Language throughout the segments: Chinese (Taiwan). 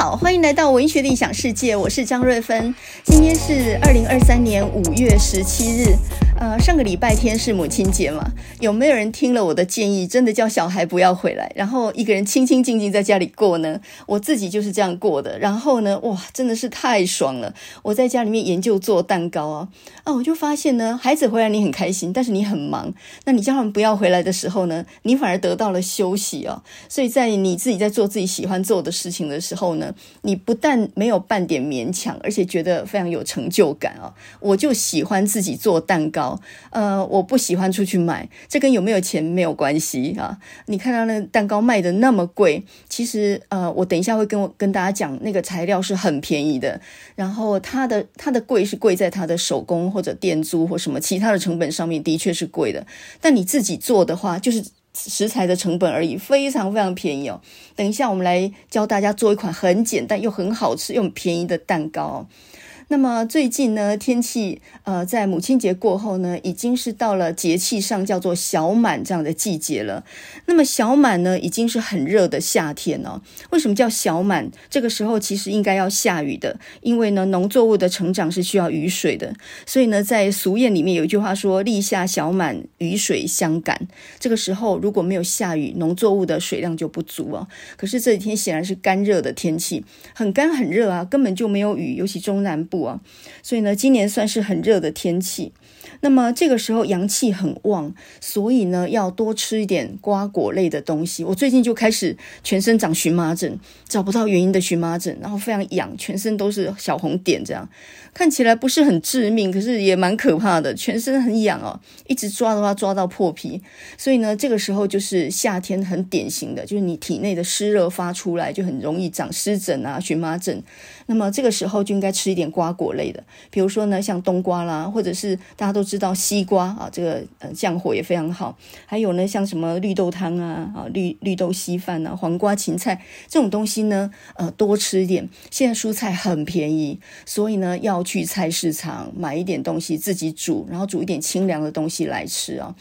好，歡迎來到文學的異想世界，我是張瑞芬，今天是二零二三年五月十七日。呃，上個禮拜天是母親節嘛，有沒有人聽了我的建議，真的叫小孩不要回來，然後一個人清清靜靜在家裡過呢？我自己就是這樣過的。然後呢，哇，真的是太爽了！我在家裡面研究做蛋糕哦，啊，我就發現呢，孩子回來你很開心，但是你很忙。那你叫他們不要回來的時候呢，你反而得到了休息哦。所以在你自己在做自己喜歡做的事情的時候呢，你不但沒有半點勉強，而且覺得非常有成就感哦。我就喜歡自己做蛋糕。呃，我不喜歡出去買，這跟有沒有錢沒有關係啊。你看到那蛋糕賣得那麼貴，其實呃，我等一下會跟我跟大家講，那個材料是很便宜的。然後它的它的貴是貴在它的手工或者店租或什麼其他的成本上面，的確是貴的。但你自己做的話，就是食材的成本而已，非常非常便宜哦。等一下我們來教大家做一款很簡單又很好吃又便宜的蛋糕。那麼最近呢，天氣呃，在母親節過後呢，已經是到了節氣上叫做小滿這樣的季節了。那麼小滿呢，已經是很熱的夏天了哦。為什麼叫小滿？這個時候其實應該要下雨的，因為呢，農作物的成長是需要雨水的。所以呢，在俗諺裡面有一句話說：“立夏小滿，雨水相趕。”這個時候如果沒有下雨，農作物的水量就不足哦，可是這幾天顯然是乾熱的天氣，很乾很熱啊，根本就沒有雨，尤其中南部。所以呢，今年算是很熱的天氣。那麼這個時候陽氣很旺，所以呢，要多吃一點瓜果類的東西。我最近就開始全身長蕁麻疹，找不到原因的蕁麻疹，然後非常癢，全身都是小紅點，這樣看起來不是很致命，可是也蠻可怕的，全身很癢哦，一直抓的話抓到破皮。所以呢，這個時候就是夏天很典型的，就是你體內的濕熱發出來，就很容易長濕疹啊、蕁麻疹。那麼這個時候就應該吃一點瓜果類的，比如說呢，像冬瓜啦，或者是大家都知道西瓜啊，這個呃降火也非常好。還有呢，像什麼綠豆湯啊，啊綠綠豆稀飯啊，黃瓜、芹菜這種東西呢，呃多吃一點。現在蔬菜很便宜，所以呢要去菜市場買一點東西自己煮，然後煮一點清涼的東西來吃啊哦。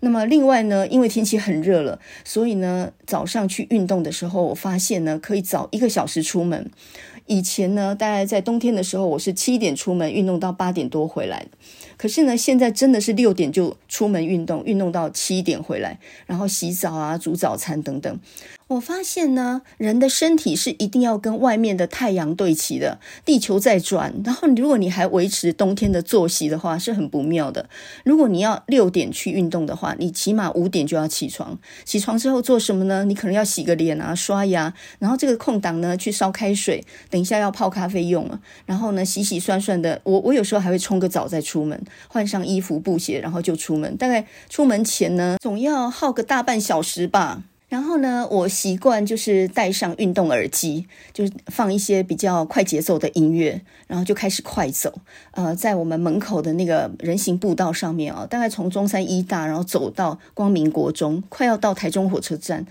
那麼另外呢，因為天氣很熱了，所以呢早上去運動的時候，我發現呢可以早一個小時出門。以前呢，大概在冬天的時候，我是七點出門運動到八點多回來。可是呢，現在真的是六點就出門運動，運動到七點回來，然後洗澡啊、煮早餐等等。我發現呢，人的身體是一定要跟外面的太陽對齊的，地球在轉。然後如果你還維持冬天的作息的話，是很不妙的。如果你要六點去運動的話，你起碼五點就要起床。起床之後做什麼呢？你可能要洗個臉啊、刷牙，然後這個空檔呢去燒開水，等一下要泡咖啡用了。然後呢，洗洗涮涮的，我我有時候還會沖個澡再出門。換上衣服、布鞋，然後就出門。大概出門前呢，總要耗個大半小時吧。然後呢，我習慣就是戴上運動耳機，就是放一些比較快節奏的音樂，然後就開始快走。呃，在我們門口的那個人行步道上面哦，大概從中山醫大，然後走到光明國中，快要到台中火車站。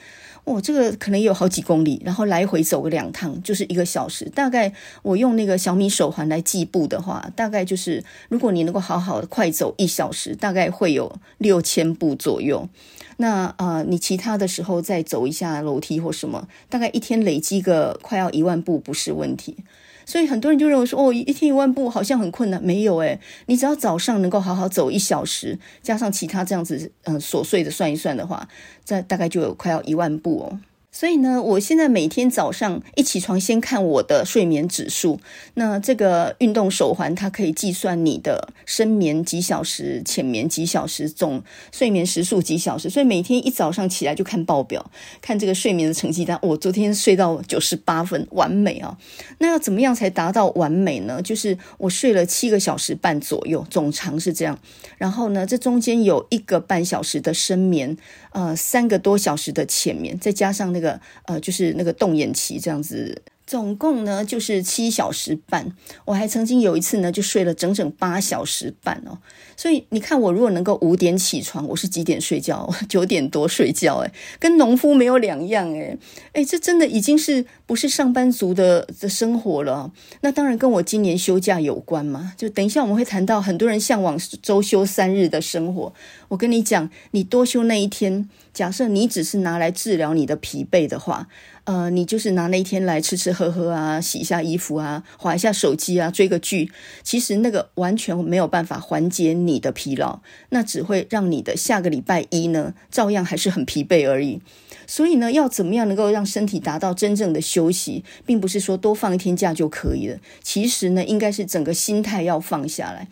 我、哦、這個可能也有好幾公里，然後來回走個兩趟，就是一個小時。大概我用那個小米手環來計步的話，大概就是如果你能夠好好的快走一小時，大概會有六千步左右。那呃，你其他的時候再走一下樓梯或什麼，大概一天累積個快要一萬步不是問題。所以很多人就認為說，哦，一天一萬步好像很困難。沒有，誒，你只要早上能夠好好走一小時，加上其他這樣子，嗯，瑣碎的算一算的話，這大概就有快要一萬步哦。所以呢，我現在每天早上一起床，先看我的睡眠指數，那這個運動手環，它可以計算你的深眠幾小時、淺眠幾小時、總睡眠時數幾小時。所以每天一早上起來就看報表，看這個睡眠的成績單。我、哦、昨天睡到九十八分，完美啊！那要怎麼樣才達到完美呢？就是我睡了七個小時半左右，總長是這樣。然後呢，這中間有一個半小時的深眠。呃，三個多小時的淺眠，再加上那個呃，就是那個動眼期這樣子。總共呢，就是七小時半，我還曾經有一次呢，就睡了整整八小時半哦，所以你看我如果能夠五點起床，我是幾點睡覺？九點多睡覺，哎，跟農夫沒有兩樣，哎哎，這真的已經是不是上班族的、的生活了哦？那當然跟我今年休假有關嘛。就等一下我們會談到很多人向往周休三日的生活，我跟你講，你多休那一天，假設你只是拿來治療你的疲憊的話。呃，你就是拿那一天來吃吃喝喝啊，洗一下衣服啊，滑一下手機啊，追個劇，其實那個完全沒有辦法緩解你的疲勞，那只會讓你的下個禮拜一呢，照樣還是很疲憊而已。所以呢，要怎麼樣能夠讓身體達到真正的休息，並不是說多放一天假就可以了，其實呢，應該是整個心態要放下來。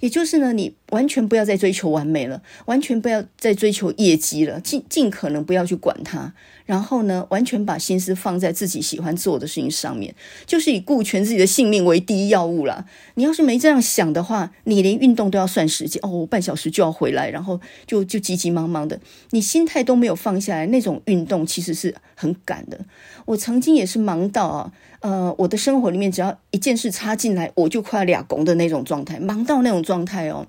也就是呢，你完全不要再追求完美了，完全不要再追求業績了，盡盡可能不要去管它。然後呢，完全把心思放在自己喜歡做的事情上面，就是以顧全自己的性命為第一要務啦。你要是沒這樣想的話，你連運動都要算時間哦，半小時就要回來，然後就就急急忙忙的，你心態都沒有放下來，那種運動其實是很趕的。我曾經也是忙到啊。呃，我的生活裡面只要一件事插進來，我就快要兩光的那種狀態，忙到那種狀態哦。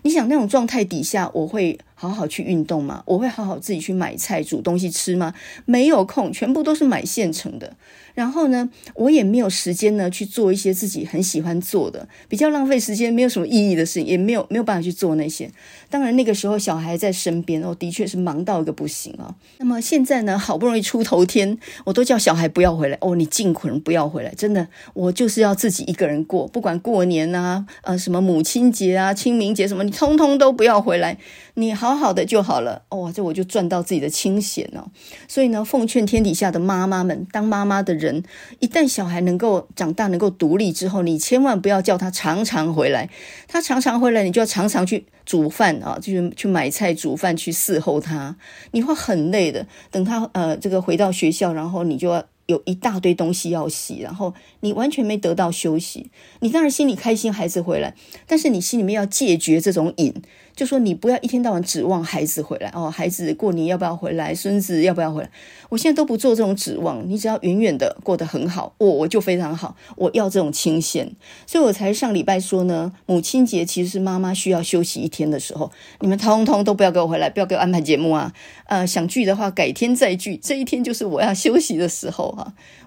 你想那種狀態底下，我會。好好去運動嘛，我會好好自己去買菜煮東西吃嘛，沒有空，全部都是買現成的。然後呢，我也沒有時間呢去做一些自己很喜歡做的、比較浪費時間、沒有什麼意義的事情，也沒有沒有辦法去做那些。當然那個時候小孩在身邊，我、哦、的確是忙到一個不行啊、哦。那麼現在呢，好不容易出頭天，我都叫小孩不要回來哦，你盡可能不要回來，真的，我就是要自己一個人過，不管過年啊、呃什麼母親節啊、清明節什麼，你通通都不要回來。你好好的就好了哦，這我就賺到自己的清閒了、哦。所以呢，奉勸天底下的媽媽們，當媽媽的人，一旦小孩能夠長大、能夠獨立之後，你千萬不要叫他常常回來。他常常回來，你就要常常去煮飯啊、哦，就是去買菜、煮飯、去伺候他，你會很累的。等他呃，這個回到學校，然後你就要。有一大堆東西要洗，然後你完全沒得到休息。你當然心裡開心，孩子回來，但是你心裡面要解決這種癮，就說你不要一天到晚指望孩子回來哦。孩子過年要不要回來？孫子要不要回來？我現在都不做這種指望，你只要遠遠的過得很好，我、哦、我就非常好。我要這種清閒，所以我才上禮拜說呢，母親節其實是媽媽需要休息一天的時候，你們通通都不要給我回來，不要給我安排節目啊。呃，想聚的話改天再聚，這一天就是我要休息的時候。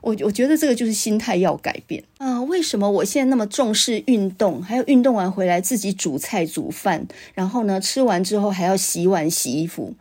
我我覺得這個就是心態要改變啊！為什麼我現在那麼重視運動？還有運動完回來自己煮菜煮飯，然後呢吃完之後還要洗碗洗衣服。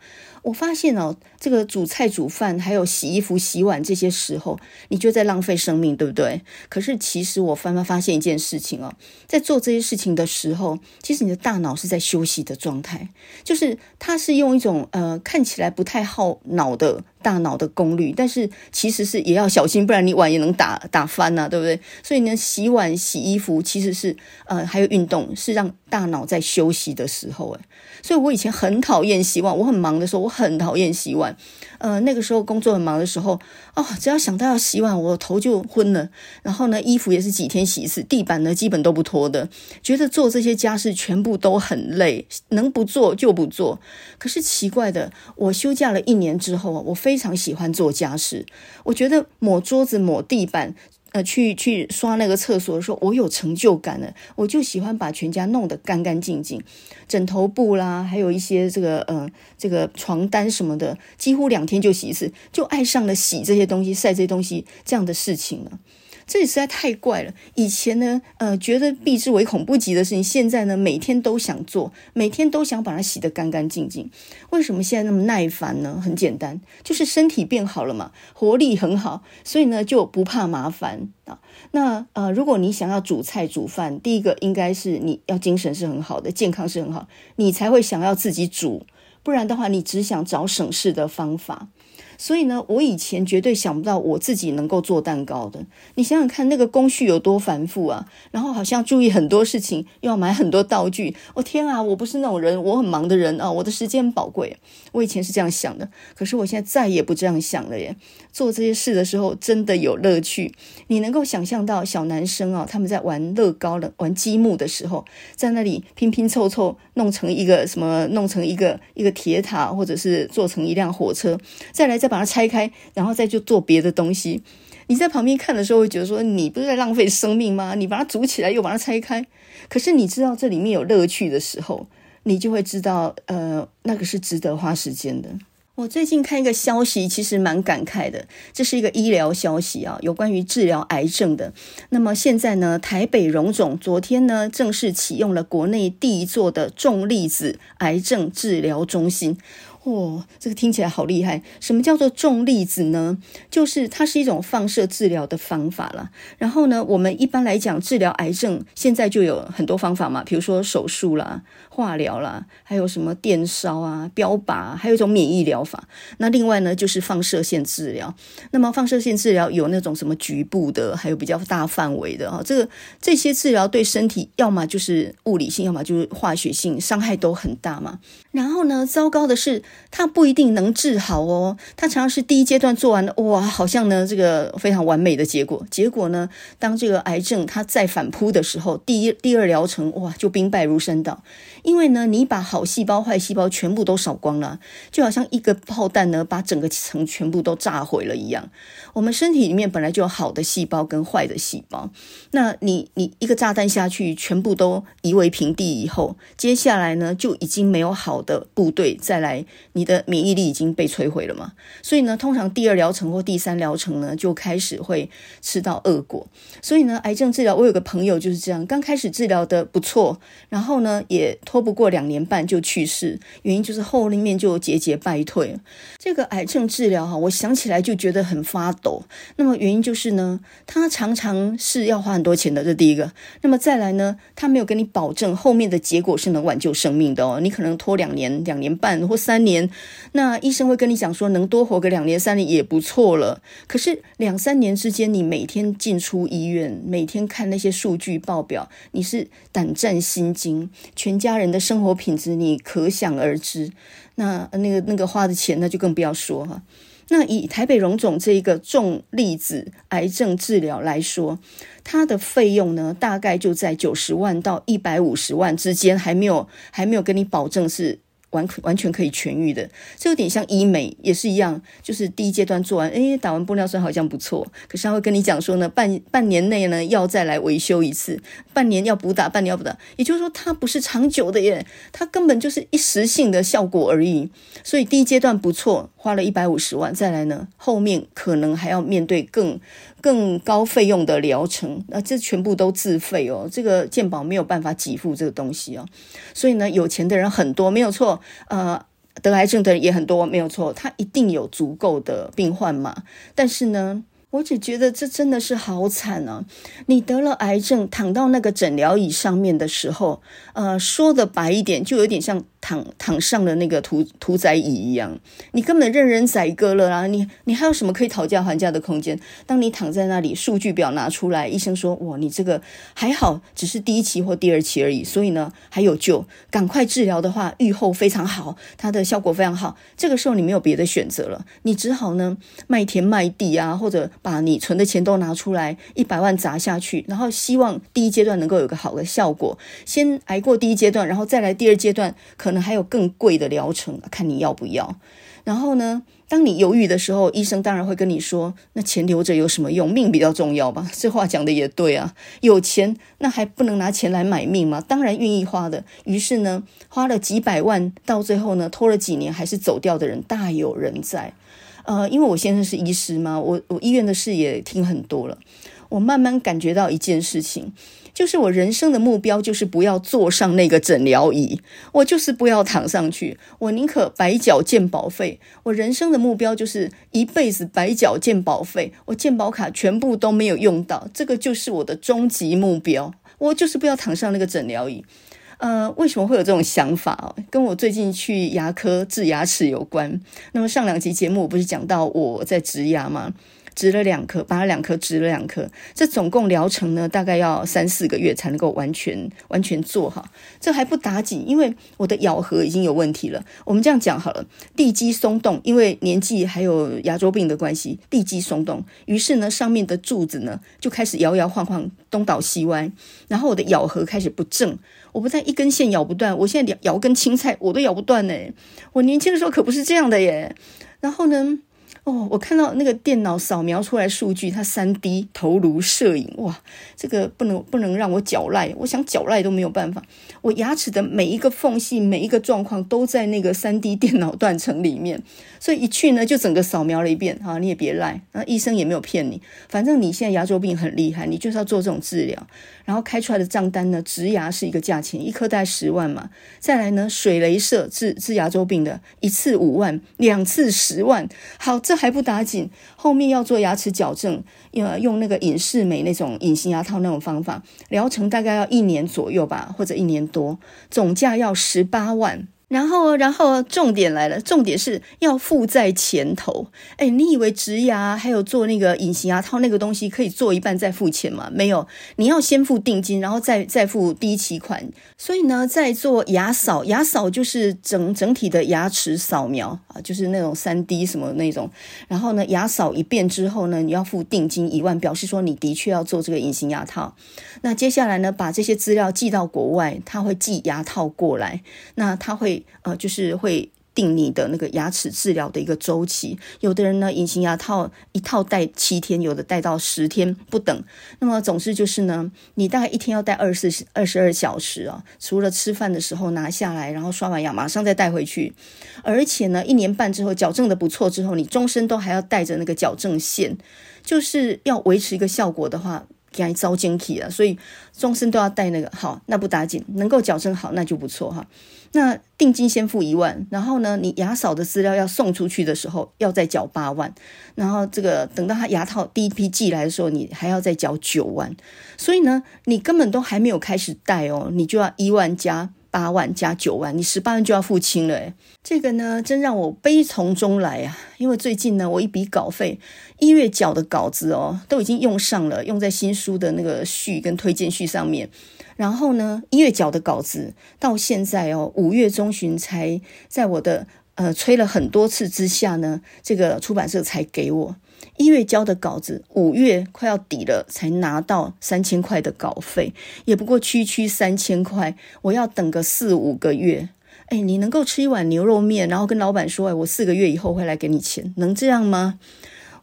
我發現哦，這個煮菜、煮飯，還有洗衣服、洗碗這些時候，你就在浪費生命，對不對？可是其實我慢慢發現一件事情哦，在做這些事情的時候，其實你的大腦是在休息的狀態，就是它是用一種呃看起來不太耗腦的大腦的功率，但是其實是也要小心，不然你碗也能打打翻吶、啊，對不對？所以呢，洗碗、洗衣服其實是呃還有運動，是讓大腦在休息的時候誒所以，我以前很討厭洗碗。我很忙的時候，我很討厭洗碗。呃，那個時候工作很忙的時候，哦，只要想到要洗碗，我頭就昏了。然後呢，衣服也是幾天洗一次，地板呢基本都不拖的，覺得做這些家事全部都很累，能不做就不做。可是奇怪的，我休假了一年之後啊，我非常喜歡做家事。我覺得抹桌子、抹地板。呃，去去刷那個廁所的時候，說我有成就感了。我就喜歡把全家弄得乾乾淨淨，枕頭布啦，還有一些這個呃這個床單什麼的，幾乎兩天就洗一次，就愛上了洗這些東西、曬這些東西這樣的事情了、啊。這也實在太怪了。以前呢，呃，覺得避之唯恐不及的事情，現在呢，每天都想做，每天都想把它洗得干干淨淨。為什麼現在那麼耐煩呢？很簡單，就是身體變好了嘛，活力很好，所以呢就不怕麻煩。啊，那呃，如果你想要煮菜煮飯，第一個應該是你要精神是很好的，健康是很好，你才會想要自己煮。不然的話，你只想找省事的方法。所以呢，我以前絕對想不到我自己能夠做蛋糕的。你想想看，那個工序有多繁複啊！然後好像注意很多事情，又要買很多道具。我、哦、天啊，我不是那種人，我很忙的人啊、哦，我的時間寶貴。我以前是這樣想的，可是我現在再也不這樣想了耶。做這些事的時候，真的有樂趣。你能夠想象到小男生啊、哦，他們在玩樂高的、玩積木的時候，在那裡拼拼湊湊，弄成一個什麼，弄成一個一個鐵塔，或者是做成一輛火車，再來再。把它拆開，然後再去做別的東西。你在旁邊看的時候，會覺得說你不是在浪費生命嗎？你把它煮起來，又把它拆開。可是你知道這裡面有樂趣的時候，你就會知道，呃，那個是值得花時間的。我最近看一個消息，其實蠻感慨的，這是一個醫療消息啊，有關於治療癌症的。那麼現在呢，台北榮總昨天呢，正式啟用了國內第一座的重粒子癌症治療中心。哇、哦，這個聽起來好厲害！什麼叫做重粒子呢？就是它是一種放射治療的方法啦。然後呢，我們一般來講治療癌症，現在就有很多方法嘛，比如說手術啦、化療啦，還有什麼電燒啊、標靶、啊，還有一種免疫療法。那另外呢，就是放射線治療。那麼放射線治療有那種什麼局部的，還有比較大範圍的啊、哦。這個這些治療對身體，要麼就是物理性，要麼就是化學性，傷害都很大嘛。然後呢，糟糕的是。他不一定能治好哦，他常常是第一階段做完的。哇，好像呢這個非常完美的結果，結果呢，當這個癌症它再反撲的時候，第一第二療程，哇，就兵敗如山倒。因為呢，你把好細胞、壞細胞全部都掃光了，就好像一個炮彈呢，把整個城全部都炸毀了一樣。我們身體裡面本來就有好的細胞跟壞的細胞，那你你一個炸彈下去，全部都夷為平地以後，接下來呢就已經沒有好的部隊再來，你的免疫力已經被摧毀了嘛。所以呢，通常第二療程或第三療程呢就開始會吃到惡果。所以呢，癌症治療，我有個朋友就是這樣，剛開始治療得不錯，然後呢也。拖不過兩年半就去世，原因就是後面就節節敗退。這個癌症治療哈，我想起來就覺得很發抖。那麼原因就是呢，他常常是要花很多錢的，這第一個。那麼再來呢，他沒有跟你保證後面的結果是能挽救生命的哦。你可能拖兩年、兩年半或三年，那醫生會跟你講說能多活個兩年、三年也不錯了。可是兩三年之間，你每天進出醫院，每天看那些數據報表，你是膽戰心驚，全家。人的生活品質，你可想而知。那那個那個花的錢，那就更不要說哈。那以台北榮總這一個重粒子癌症治療來說，它的費用呢，大概就在九十萬到一百五十萬之間，還沒有還沒有跟你保證是。完完全可以痊癒的，這有點像醫美也是一樣，就是第一階段做完，欸，打完玻尿酸好像不錯，可是他會跟你講說呢，半半年內呢要再來維修一次，半年要補打，半年要補打，也就是說它不是長久的耶，它根本就是一時性的效果而已，所以第一階段不錯。花了一百五十萬，再來呢，後面可能還要面對更更高費用的療程，那、呃、這全部都自費哦，這個健保沒有辦法給付這個東西哦，所以呢，有錢的人很多，沒有錯，呃，得癌症的人也很多，沒有錯，他一定有足夠的病患嘛。但是呢，我只覺得這真的是好慘啊！你得了癌症，躺到那個診療椅上面的時候，呃，說得白一點，就有點像。躺躺上了那個屠屠宰椅一樣，你根本任人宰割了啊！你你還有什麼可以討價還價的空間？當你躺在那裡，數據表拿出來，醫生說：“哇，你這個還好，只是第一期或第二期而已，所以呢，還有救，趕快治療的話，預後非常好，它的效果非常好。”這個時候你沒有別的選擇了，你只好呢賣田賣地啊，或者把你存的錢都拿出來一百萬砸下去，然後希望第一階段能夠有個好的效果，先挨過第一階段，然後再來第二階段可可能還有更貴的療程，看你要不要。然後呢，當你猶豫的時候，醫生當然會跟你說：“那錢留着有什麼用？命比較重要吧。”這話講得也對啊。有錢那還不能拿錢來買命嗎？當然願意花的。於是呢，花了幾百萬，到最後呢，拖了幾年還是走掉的人大有人在。呃，因為我先生是醫師嘛，我我醫院的事也聽很多了。我慢慢感覺到一件事情，就是我人生的目標就是不要坐上那個診療椅，我就是不要躺上去，我寧可白繳健保費。我人生的目標就是一輩子白繳健保費，我健保卡全部都沒有用到，這個就是我的終極目標。我就是不要躺上那個診療椅。呃，為什麼會有這種想法？跟我最近去牙科治牙齒有關。那麼上兩集節目我不是講到我在植牙嗎？植了兩顆，拔了兩顆，植了兩顆。這總共療程呢，大概要三四個月才能夠完全完全做好。這還不打緊，因為我的咬合已經有問題了。我們這樣講好了，地基鬆動，因為年紀還有牙周病的關係，地基鬆動，於是呢，上面的柱子呢就開始搖搖晃晃，東倒西歪。然後我的咬合開始不正，我不但一根線咬不斷，我現在咬根青菜我都咬不斷誒，我年輕的時候可不是這樣的耶。然後呢？哦，我看到那個電腦掃描出來數據，它三 D 頭顱攝影，哇，這個不能不能讓我狡賴，我想狡賴都沒有辦法，我牙齒的每一個縫隙、每一個狀況都在那個三 D 電腦斷層裡面。所以一去呢，就整個掃描了一遍啊！你也別賴，那醫生也沒有騙你，反正你現在牙周病很厲害，你就是要做這種治療。然後開出來的賬單呢，植牙是一個價錢，一顆大概十萬嘛。再來呢，水雷射治治牙周病的，一次五萬，兩次十萬。好，這還不打緊，後面要做牙齒矯正，用那個隱適美那種隱形牙套那種方法，療程大概要一年左右吧，或者一年多，總價要十八萬。然後，然後重點來了，重點是要付在前頭。哎，你以為植牙還有做那個隱形牙套那個東西可以做一半再付錢嗎？沒有，你要先付定金，然後再再付第一期款。所以呢，在做牙掃，牙掃就是整整體的牙齒掃描啊，就是那種三 D 什麼那種。然後呢，牙掃一遍之後呢，你要付定金一萬，表示說你的確要做這個隱形牙套。那接下來呢，把這些資料寄到國外，他會寄牙套過來，那他會。呃，就是會定你的那個牙齒治療的一個週期。有的人呢，隱形牙套一套戴七天，有的戴到十天不等。那麼總之就是呢，你大概一天要戴二十四二十二小時啊，除了吃飯的時候拿下來，然後刷完牙馬上再戴回去。而且呢，一年半之後矯正得不錯之後，你終身都還要戴着那個矯正線，就是要維持一個效果的話。該招奸體了，所以終身都要戴那個。好，那不打緊，能夠矯正好那就不錯哈。那定金先付一萬，然後呢，你牙嫂的資料要送出去的時候，要再繳八萬，然後這個等到他牙套第一批寄來的時候，你還要再繳九萬。所以呢，你根本都還沒有開始戴哦，你就要一萬加。八萬加九萬，你十八萬就要付清了，誒，這個呢，真讓我悲從中來啊，因為最近呢，我一筆稿費，一月繳的稿子哦，都已經用上了，用在新書的那個序跟推薦序上面。然後呢，一月繳的稿子到現在哦，五月中旬才在我的呃催了很多次之下呢，這個出版社才給我。一月交的稿子，五月快要底了才拿到三千塊的稿費，也不過區區三千塊。我要等個四五個月。哎，你能夠吃一碗牛肉麵，然後跟老板說：“哎，我四個月以後會來給你錢。”能這樣嗎？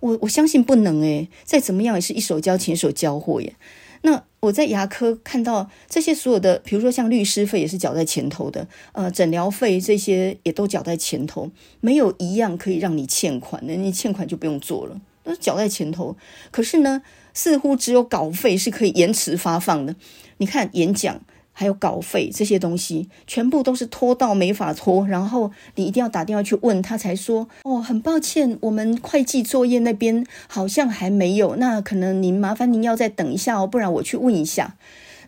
我我相信不能。哎，再怎麼樣也是一手交錢，一手交貨耶。那我在牙科看到這些所有的，比如說像律師費也是繳在前頭的，呃，診療費這些也都繳在前頭，沒有一樣可以讓你欠款的。你欠款就不用做了。都繳在前頭，可是呢，似乎只有稿費是可以延遲發放的。你看，演講還有稿費這些東西，全部都是拖到沒法拖，然後你一定要打電話去問他，才說哦，很抱歉，我們會計作業那邊好像還沒有，那可能您麻煩您要再等一下哦，不然我去問一下。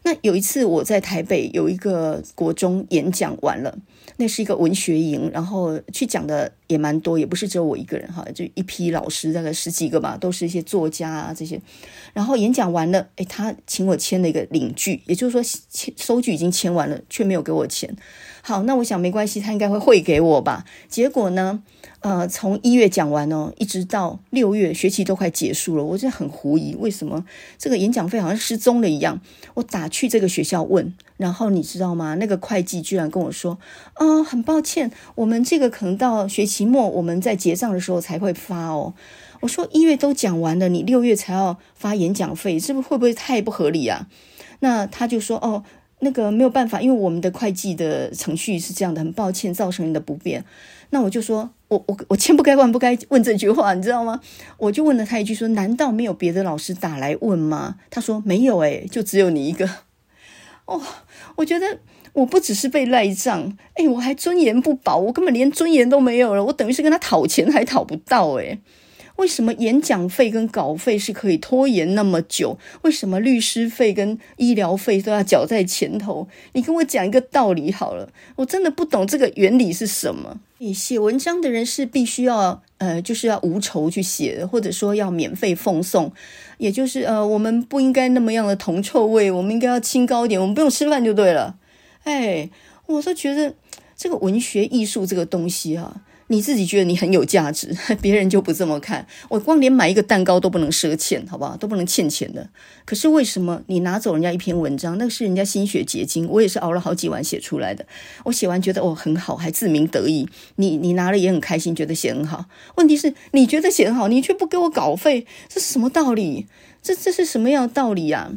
那有一次我在台北有一個國中演講完了。那是一個文學營，然後去講的也蠻多，也不是只有我一個人哈，就一批老師，大概十幾個吧，都是一些作家啊這些。然後演講完了，哎，他請我簽了一個領據，也就是說，收據已經簽完了，卻沒有給我錢。好，那我想沒關係，他應該會匯給我吧？結果呢？呃，從一月講完哦，一直到六月，學期都快結束了，我就很狐疑，為什麼這個演講費好像失蹤了一樣？我打去這個學校問，然後你知道嗎？那個會計居然跟我說：“哦，很抱歉，我們這個可能到學期末，我們在結賬的時候才會發哦。”我說：“一月都講完了，你六月才要發演講費，是不是會不會太不合理啊？”那他就說：“哦。”那個沒有辦法，因為我們的會計的程序是這樣的，很抱歉造成你的不便。那我就說，我我我千不該萬不該問這句話，你知道嗎？我就問了他一句說，說難道沒有別的老師打來問嗎？他說沒有，誒，就只有你一個。哦。我覺得我不只是被賴賬，誒，我還尊嚴不保，我根本連尊嚴都沒有了，我等於是跟他討錢還討不到，誒。為什麼演講費跟稿費是可以拖延那麼久？為什麼律師費跟醫療費都要繳在前頭？你跟我講一個道理好了，我真的不懂這個原理是什麼。你寫文章的人是必須要呃，就是要無酬去寫的，或者說要免費奉送，也就是呃，我們不應該那麼樣的銅臭味，我們應該要清高一點，我們不用吃飯就對了。哎，我就覺得這個文學藝術這個東西哈、啊。你自己覺得你很有價值，別人就不這麼看。我光連買一個蛋糕都不能賒欠，好不好？都不能欠錢的。可是為什麼你拿走人家一篇文章，那個是人家心血結晶，我也是熬了好幾晚寫出來的。我寫完覺得哦很好，還自鳴得意。你你拿了也很開心，覺得寫很好。問題是，你覺得寫很好，你卻不給我稿費，這是什麼道理？這這是什麼樣的道理呀？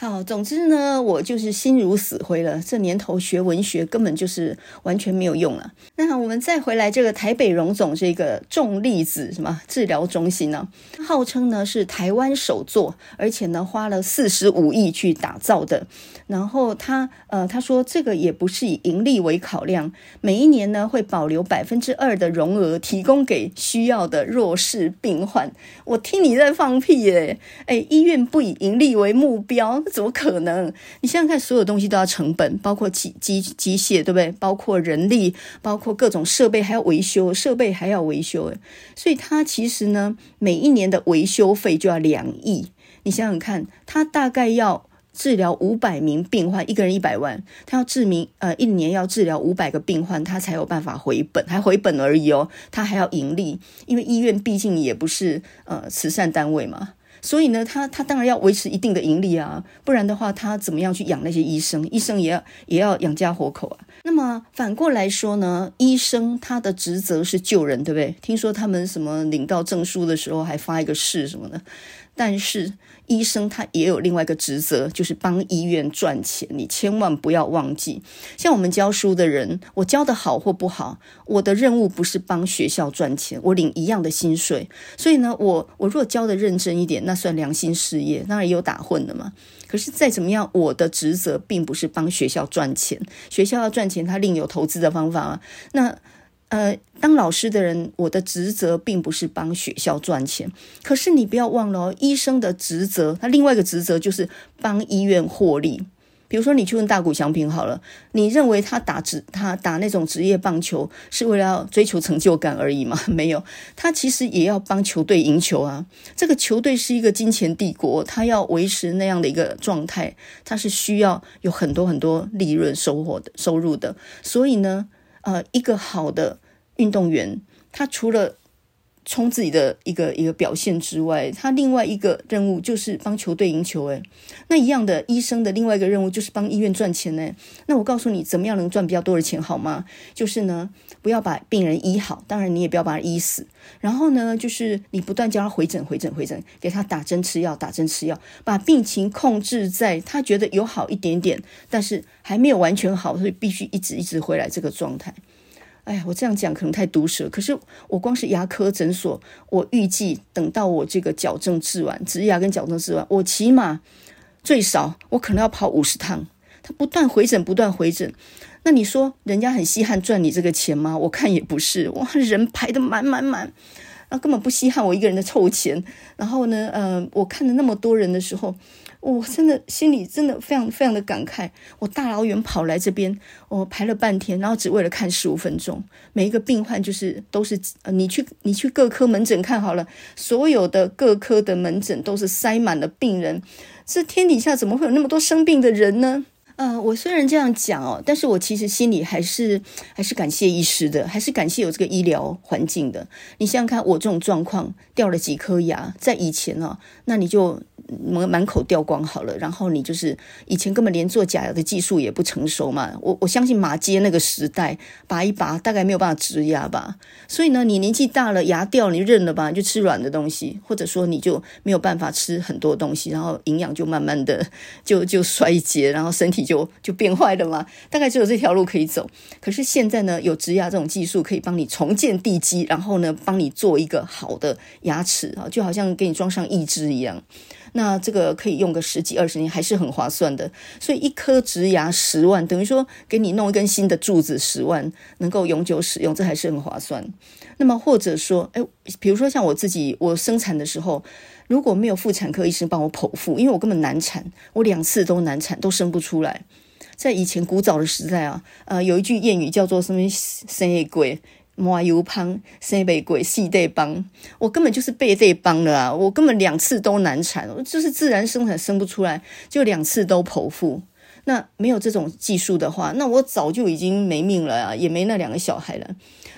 好，總之呢，我就是心如死灰了。這年頭學文學根本就是完全沒有用了。那我們再回來這個台北榮總這個重粒子什麼治療中心啊呢？號稱呢是台灣首座，而且呢花了四十五億去打造的。然後他呃，他說這個也不是以盈利為考量，每一年呢會保留百分之二的融額，提供給需要的弱勢病患。我聽你在放屁耶！誒，醫院不以盈利為目標，怎麼可能？你想想看，所有東西都要成本，包括機機機械，對不對？包括人力，包括各種設備，還要維修，設備還要維修。所以他其實呢，每一年的維修費就要兩億。你想想看，他大概要。治療五百名病患，一個人一百萬，他要治民呃，一年要治療五百個病患，他才有辦法回本，還回本而已哦，他還要盈利，因為醫院畢竟也不是呃慈善單位嘛，所以呢，他他當然要維持一定的盈利啊，不然的話，他怎麼樣去養那些醫生？醫生也要也要養家活口啊。那麼反過來說呢，醫生他的職責是救人，對不對？聽說他們什麼領到證書的時候還發一個誓什麼的，但是。醫生他也有另外一個職責，就是幫醫院賺錢。你千萬不要忘記，像我們教書的人，我教得好或不好，我的任務不是幫學校賺錢，我領一樣的薪水。所以呢，我我若教得認真一點，那算良心事業，當然也有打混的嘛。可是再怎麼樣，我的職責並不是幫學校賺錢，學校要賺錢，他另有投資的方法啊。那。呃，當老師的人，我的職責並不是幫學校賺錢。可是你不要忘了哦，醫生的職責，他另外一個職責就是幫醫院獲利。比如說，你去問大谷翔平好了，你認為他打職他打那種職業棒球是為了要追求成就感而已嗎？沒有，他其實也要幫球隊贏球啊。這個球隊是一個金錢帝國，他要維持那樣的一個狀態，他是需要有很多很多利潤收穫的收入的。所以呢？呃，一個好的運動員，他除了衝自己的一個一個表現之外，他另外一個任務就是幫球隊贏球。誒，那一樣的醫生的另外一個任務就是幫醫院賺錢。誒，那我告訴你，怎麼樣能賺比較多的錢好嗎？就是呢，不要把病人醫好，當然你也不要把他醫死。然後呢，就是你不斷叫他回診、回診、回診，給他打針、吃藥、打針、吃藥，把病情控制在他覺得有好一點點，但是還沒有完全好，所以必須一直一直回來這個狀態。哎呀，我這樣講可能太毒舌，可是我光是牙科診所，我預計等到我這個矯正治完，植牙、跟矯正治完，我起碼最少我可能要跑五十趟，他不斷回診，不斷回診。那你說人家很稀罕賺你這個錢嗎？我看也不是，哇，人排得滿滿滿。那、啊、根本不稀罕我一個人的臭錢，然後呢，呃，我看了那麼多人的時候，我、哦、真的心裡真的非常非常的感慨。我大老遠跑來這邊，我、哦、排了半天，然後只為了看十五分鐘。每一個病患就是都是，呃、你去你去各科門診看好了，所有的各科的門診都是塞滿了病人。這天底下怎麼會有那麼多生病的人呢？呃、嗯，我雖然這樣講哦，但是我其實心裡還是還是感謝醫師的，還是感謝有這個醫療環境的。你想想看，我這種狀況掉了幾顆牙，在以前啊、哦，那你就。滿口掉光好了，然後你就是以前根本連做假牙的技術也不成熟嘛。我我相信馬偕那個時代拔一拔大概沒有辦法植牙吧，所以呢，你年紀大了牙掉了你就認了吧，你就吃軟的東西，或者說你就沒有辦法吃很多東西，然後營養就慢慢的就就衰竭，然後身體就就變壞了嘛。大概只有這條路可以走。可是現在呢，有植牙這種技術可以幫你重建地基，然後呢，幫你做一個好的牙齒啊，就好像給你裝上義肢一樣。那這個可以用個十幾二十年還是很划算的，所以一顆植牙十萬，等於說給你弄一根新的柱子十萬，能夠永久使用，這還是很划算。那麼或者說，誒，比如說像我自己，我生產的時候如果沒有婦產科醫生幫我剖腹，因為我根本難產，我兩次都難產，都生不出來。在以前古早的時代啊，呃，有一句諺語叫做什麼“深夜鬼”。麻油香，生不過，四塊板，我根本就是四塊板了啊！我根本兩次都難產，就是自然生產生不出來，就兩次都剖腹。那沒有這種技術的話，那我早就已經沒命了啊，也沒那兩個小孩了。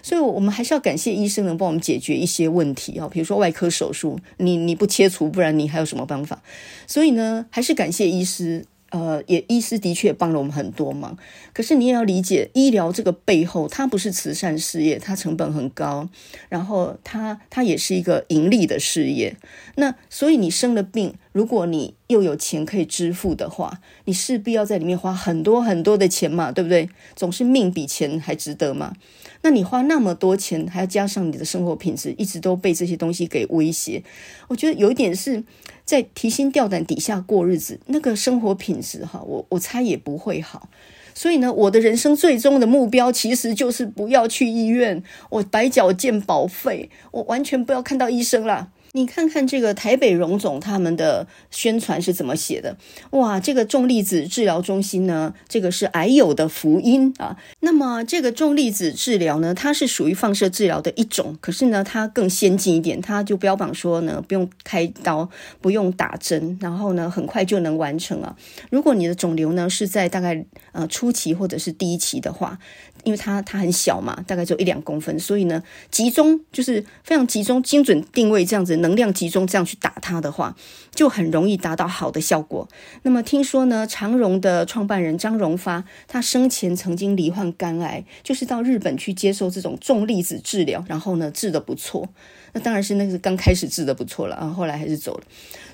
所以，我們還是要感謝醫生能幫我們解決一些問題啊，比如說外科手術，你你不切除，不然你還有什麼辦法？所以呢，還是感謝醫師。呃，也，醫師的確幫了我們很多忙。可是你也要理解，醫療這個背後，它不是慈善事業，它成本很高，然後它它也是一個盈利的事業。那所以你生了病，如果你又有錢可以支付的話，你勢必要在裡面花很多很多的錢嘛，對不對？總是命比錢還值得嘛。那你花那麼多錢，還要加上你的生活品質，一直都被這些東西給威脅，我覺得有一點是。在提心吊膽底下過日子，那個生活品質哈，我我猜也不會好。所以呢，我的人生最終的目標其實就是不要去醫院，我白繳健保費，我完全不要看到醫生啦。你看看這個台北榮總他們的宣傳是怎麼寫的？哇，這個重粒子治療中心呢，這個是癌友的福音啊。那麼這個重粒子治療呢，它是屬於放射治療的一種，可是呢，它更先進一點。它就標榜說呢，不用開刀，不用打針，然後呢，很快就能完成啊。如果你的腫瘤呢是在大概呃初期或者是第一期的話。因為它它很小嘛，大概只有一兩公分，所以呢，集中就是非常集中、精準定位這樣子，能量集中這樣去打它的話，就很容易達到好的效果。那麼聽說呢，長榮的創辦人張榮發，他生前曾經罹患肝癌，就是到日本去接受這種重粒子治療，然後呢治得不錯。那當然是那個剛開始治的不錯了啊，後來還是走了。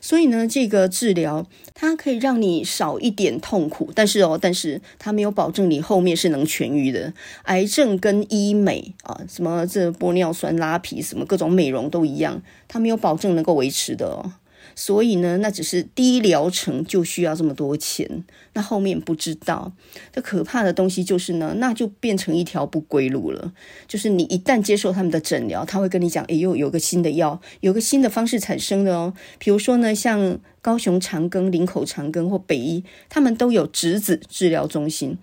所以呢，這個治療它可以讓你少一點痛苦，但是哦，但是它沒有保證你後面是能痊癒的。癌症跟醫美啊，什麼這玻尿酸拉皮，什麼各種美容都一樣，它沒有保證能夠維持的哦。所以呢，那只是第一療程就需要這麼多錢，那後面不知道。這可怕的東西就是呢，那就變成一條不歸路了。就是你一旦接受他們的診療，他會跟你講，哎呦，又有個新的藥，有個新的方式產生的哦。比如說呢，像高雄長庚、林口長庚或北醫，他們都有質子治療中心，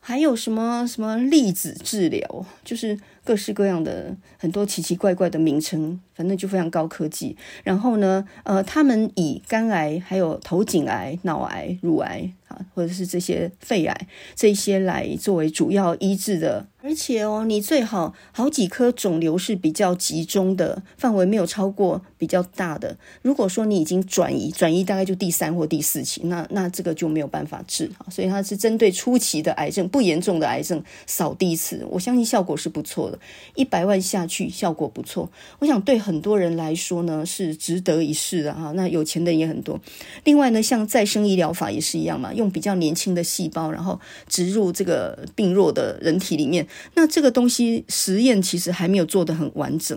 還有什麼什麼粒子治療，就是。各式各樣的很多奇奇怪怪的名稱，反正就非常高科技。然後呢，呃，他們以肝癌、還有頭頸癌、腦癌、乳癌。啊，或者是這些肺癌這些來作為主要醫治的，而且哦，你最好好幾顆腫瘤是比較集中的範圍，沒有超過比較大的。如果說你已經轉移，轉移大概就第三或第四期，那那這個就沒有辦法治啊。所以它是針對初期的癌症，不嚴重的癌症掃第一次，我相信效果是不錯的，一百萬下去效果不錯。我想對很多人來說呢是值得一試的啊，那有錢的也很多。另外呢，像再生醫療法也是一樣嘛。用比較年輕的細胞，然後植入這個病弱的人體裡面。那這個東西實驗其實還沒有做得很完整，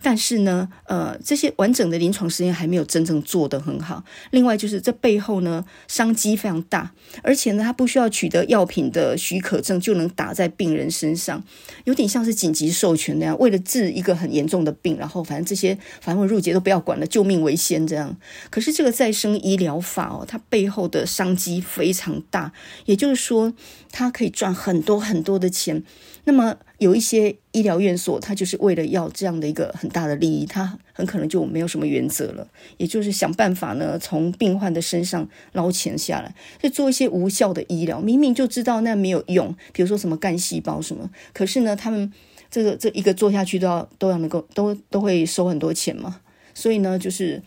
但是呢，呃，這些完整的臨床實驗還沒有真正做得很好。另外就是這背後呢，商機非常大，而且呢，它不需要取得藥品的許可證就能打在病人身上，有點像是緊急授權那樣。為了治一個很嚴重的病，然後反正這些繁文縟節都不要管了，救命為先這樣。可是這個再生醫療法哦，它背後的商機非。非常大，也就是說，他可以賺很多很多的錢。那麼，有一些醫療院所，他就是為了要這樣的一個很大的利益，他很可能就沒有什麼原則了，也就是想辦法呢，從病患的身上撈錢下來，就做一些無效的醫療，明明就知道那沒有用，比如說什麼幹細胞什麼，可是呢，他們這個這一個做下去都要都要能夠都都會收很多錢嘛，所以呢，就是。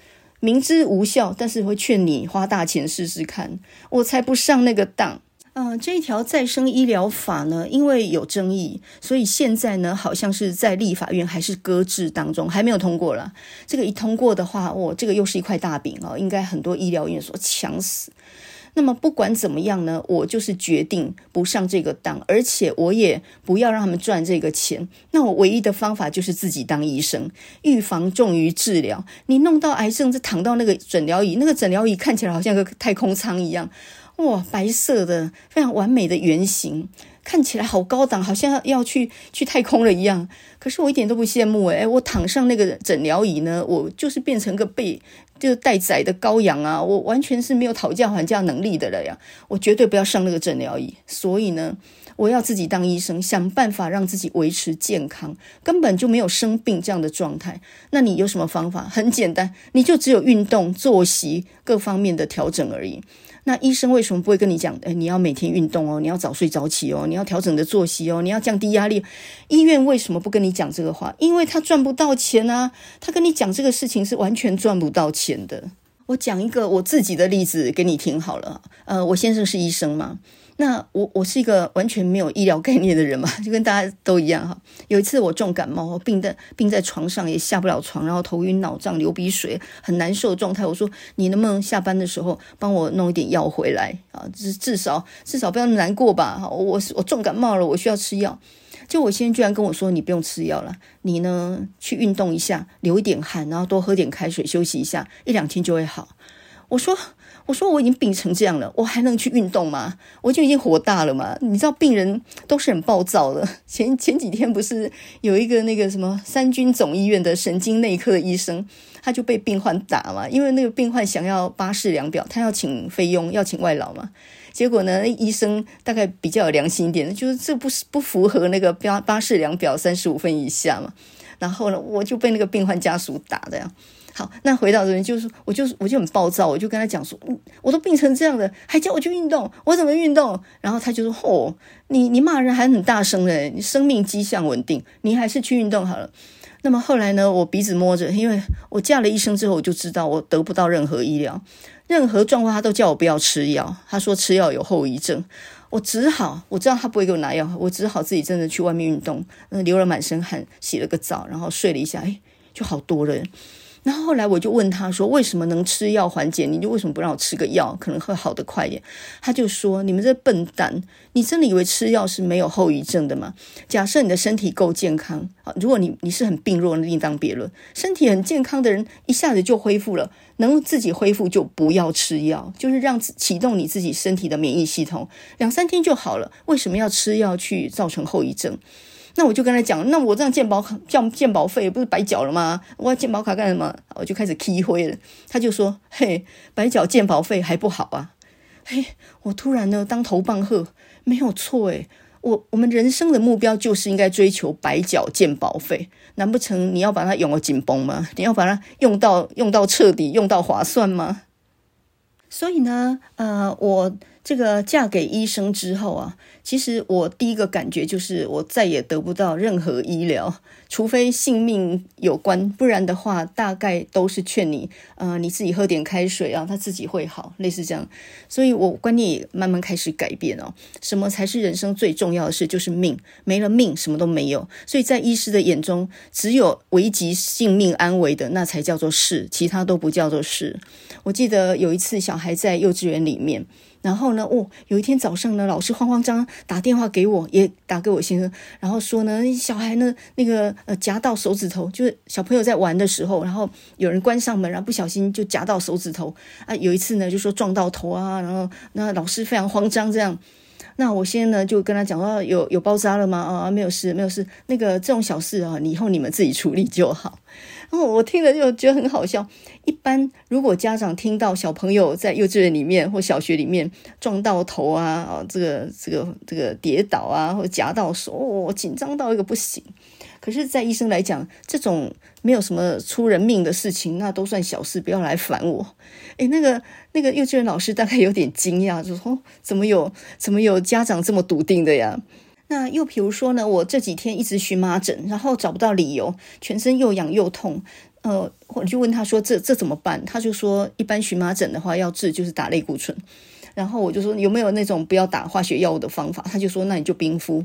明知無效，但是會勸你花大錢試試看，我才不上那個當。嗯，這一條再生醫療法呢，因為有爭議，所以現在呢，好像是在立法院還是擱置當中，還沒有通過了。這個一通過的話，我、哦、這個又是一塊大餅哦，應該很多醫療院所搶死。那麼不管怎麼樣呢，我就是決定不上這個當，而且我也不要讓他們賺這個錢。那我唯一的方法就是自己當醫生，預防重於治療。你弄到癌症，就躺到那個診療椅，那個診療椅看起來好像個太空艙一樣，哇，白色的，非常完美的圓形，看起來好高檔，好像要去去太空了一樣。可是我一點都不羨慕誒、欸，我躺上那個診療椅呢，我就是變成個被。就是待宰的羔羊啊！我完全是沒有討價還價能力的了呀！我絕對不要上那個診療椅，所以呢，我要自己當醫生，想辦法讓自己維持健康，根本就沒有生病這樣的狀態。那你有什麼方法？很簡單，你就只有運動、作息各方面的調整而已。那醫生為什麼不會跟你講，欸，你要每天運動哦，你要早睡早起哦，你要調整的作息哦，你要降低壓力。醫院為什麼不跟你講這個話？因為他賺不到錢啊！他跟你講這個事情是完全賺不到錢的。我講一個我自己的例子給你聽好了，呃，我先生是醫生嘛，那我我是一個完全沒有醫療概念的人嘛，就跟大家都一樣哈。有一次我重感冒，我病在病在床上也下不了床，然後頭暈腦脹、流鼻水，很難受的狀態。我說你能不能下班的時候幫我弄一點藥回來啊？至至少至少不要難過吧，我我重感冒了，我需要吃藥。就我先生居然跟我說：“你不用吃藥了，你呢去運動一下，流一點汗，然後多喝點開水，休息一下，一兩天就會好。”我說：“我說我已經病成這樣了，我還能去運動嗎？我就已經火大了嘛！你知道病人都是很暴躁的。前前幾天不是有一個那個什麼三軍總醫院的神經內科醫生，他就被病患打嘛，因為那個病患想要巴氏量表，他要請菲傭，要請外勞嘛。”結果呢？醫生大概比較有良心一點，就是這不是不符合那個巴氏量表三十五分以下嘛？然後呢，我就被那個病患家屬打的呀。好，那回到這邊就是我就我就很暴躁，我就跟他講說，我都病成這樣的，還叫我去運動，我怎麼運動？然後他就說：“哦，你你罵人還很大聲的，你生命跡象穩定，你還是去運動好了。”那麼後來呢，我鼻子摸着，因為我嫁了醫生之後，我就知道我得不到任何醫療。任何狀況，他都叫我不要吃藥。他說吃藥有後遺症，我只好，我知道他不會給我拿藥，我只好自己真的去外面運動，那流了滿身汗，洗了個澡，然後睡了一下，誒，就好多了。然後後來我就問他說：“為什麼能吃藥緩解？你就為什麼不讓我吃個藥，可能會好得快一點？”他就說：“你們這笨蛋，你真的以為吃藥是沒有後遺症的嗎？假設你的身體夠健康啊，如果你你是很病弱，另當別論。身體很健康的人一下子就恢復了，能自己恢復就不要吃藥，就是讓啟動你自己身體的免疫系統，兩三天就好了。為什麼要吃藥去造成後遺症？”那我就跟他講，那我這樣健保卡交健保費不是白繳了嗎？我要健保卡幹什麼？我就開始踢灰了。他就說：“嘿，白繳健保費還不好啊？嘿，我突然呢當頭棒喝，沒有錯誒，我我們人生的目標就是應該追求白繳健保費，難不成你要把它用了緊繃嗎？你要把它用到用到徹底，用到划算嗎？所以呢，呃，我。”這個嫁給醫生之後啊，其實我第一個感覺就是，我再也得不到任何醫療，除非性命有關，不然的話，大概都是勸你，呃，你自己喝點開水啊，他自己會好，類似這樣。所以我觀念也慢慢開始改變哦。什麼才是人生最重要的事？就是命，沒了命，什麼都沒有。所以在醫師的眼中，只有危及性命安危的，那才叫做事，其他都不叫做事。我記得有一次，小孩在幼稚園裡面。然後呢，哦，有一天早上呢，老師慌慌張打電話給我，也打給我先生，然後說呢，小孩呢那個呃夾到手指頭，就是小朋友在玩的時候，然後有人關上門，然後不小心就夾到手指頭啊。有一次呢，就說撞到頭啊，然後那老師非常慌張這樣。那我先生呢就跟他講到，啊，有有包紮了嗎？啊，沒有事，沒有事。那個這種小事啊，以後你們自己處理就好。哦、我聽了就覺得很好笑。一般如果家長聽到小朋友在幼稚園裡面或小學裡面撞到頭啊，這個這個這個跌倒啊，或夾到手，我、哦、緊張到一個不行。可是，在醫生來講，這種沒有什麼出人命的事情，那都算小事，不要來煩我。誒，那個那個幼稚園老師大概有點驚訝，就說、哦：怎麼有怎麼有家長這麼篤定的呀？那又比如說呢，我這幾天一直蕁麻疹，然後找不到理由，全身又癢又痛，呃，我就問他說：“這這怎麼辦？”他就說：“一般蕁麻疹的話，要治就是打類固醇。”然後我就說：“有沒有那種不要打化學藥物的方法？”他就說：“那你就冰敷。”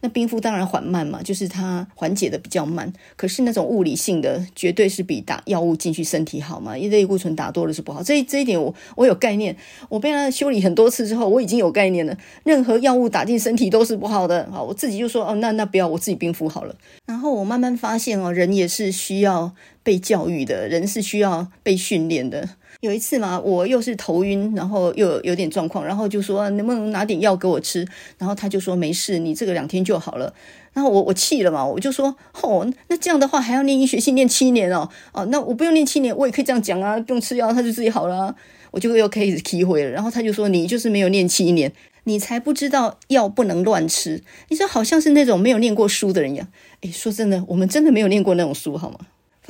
那冰敷當然緩慢嘛，就是它緩解的比較慢。可是那種物理性的，絕對是比打藥物進去身體好嘛。一類固醇打多了是不好，這這一點我我有概念。我被他修理很多次之後，我已經有概念了。任何藥物打進身體都是不好的。好，我自己就說哦，那那不要，我自己冰敷好了。然後我慢慢發現哦，人也是需要被教育的，人是需要被訓練的。有一次嘛，我又是頭暈，然後又有，有點狀況，然後就說能不能拿點藥給我吃？然後他就說沒事，你這個兩天就好了。然後我我氣了嘛，我就說哦，那這樣的話還要念醫學系念七年哦，哦，那我不用念七年，我也可以這樣講啊，不用吃藥他就自己好了啊。我就又開始 key 回了。然後他就說你就是沒有念七年，你才不知道藥不能亂吃。你說好像是那種沒有念過書的人一樣。誒，說真的，我們真的沒有念過那種書好嗎？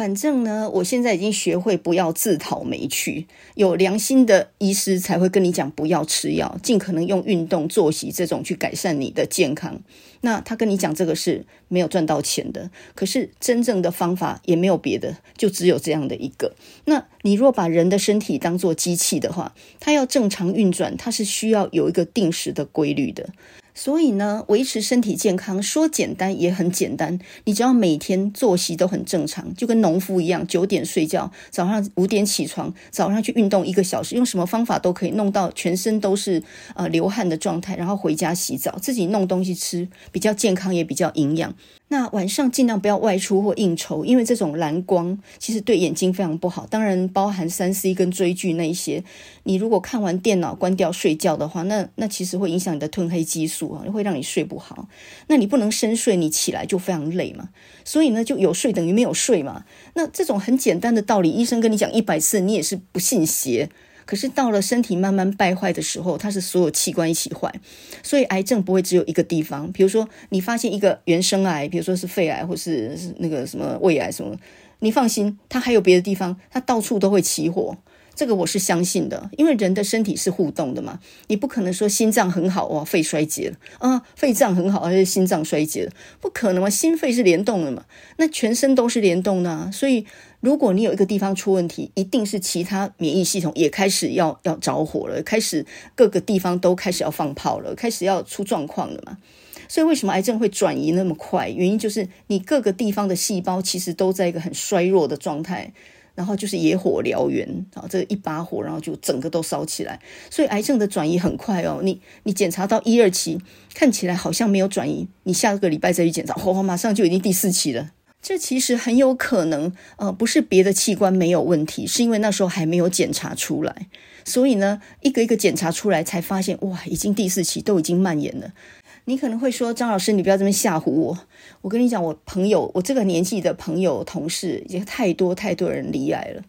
反正呢，我現在已經學會不要自討沒趣。有良心的醫師才會跟你講不要吃藥，盡可能用運動、作息這種去改善你的健康。那他跟你講這個是沒有賺到錢的。可是真正的方法也沒有別的，就只有這樣的一個。那你若把人的身體當做機器的話，它要正常運轉，它是需要有一個定時的規律的。所以呢，維持身體健康說簡單也很簡單，你只要每天作息都很正常，就跟農夫一樣，九點睡覺，早上五點起床，早上去運動一個小時，用什麼方法都可以弄到全身都是呃流汗的狀態，然後回家洗澡，自己弄東西吃，比較健康也比較營養。那晚上儘量不要外出或應酬，因為這種藍光其實對眼睛非常不好。當然，包含三 C 跟追劇那一些，你如果看完電腦關掉睡覺的話，那那其實會影響你的褪黑激素。會讓你睡不好，那你不能深睡，你起來就非常累嘛。所以呢，就有睡等於沒有睡嘛。那這種很簡單的道理，醫生跟你講一百次，你也是不信邪。可是到了身體慢慢敗壞的時候，它是所有器官一起壞，所以癌症不會只有一個地方。比如說你發現一個原生癌，比如說是肺癌或是那個什麼胃癌什麼，你放心，它還有別的地方，它到處都會起火。這個我是相信的，因為人的身體是互動的嘛，你不可能說心臟很好哇、哦，肺衰竭了啊，肺臟很好，而且心臟衰竭了，不可能嘛，心肺是聯動的嘛，那全身都是聯動的、啊，所以如果你有一個地方出問題，一定是其他免疫系統也開始要要着火了，開始各個地方都開始要放炮了，開始要出狀況了嘛。所以為什麼癌症會轉移那麼快？原因就是你各個地方的細胞其實都在一個很衰弱的狀態。然後就是野火燎原啊，然後這一把火，然後就整個都燒起來。所以癌症的轉移很快哦。你你檢查到一二期，看起來好像沒有轉移，你下個禮拜再去檢查，哇、哦，馬上就已經第四期了。這其實很有可能，呃，不是別的器官沒有問題，是因為那時候還沒有檢查出來。所以呢，一個一個檢查出來，才發現，哇，已經第四期，都已經蔓延了。你可能會說，張老師，你不要這麼嚇唬我。我跟你講，我朋友，我這個年紀的朋友、同事，已經太多太多人罹癌了。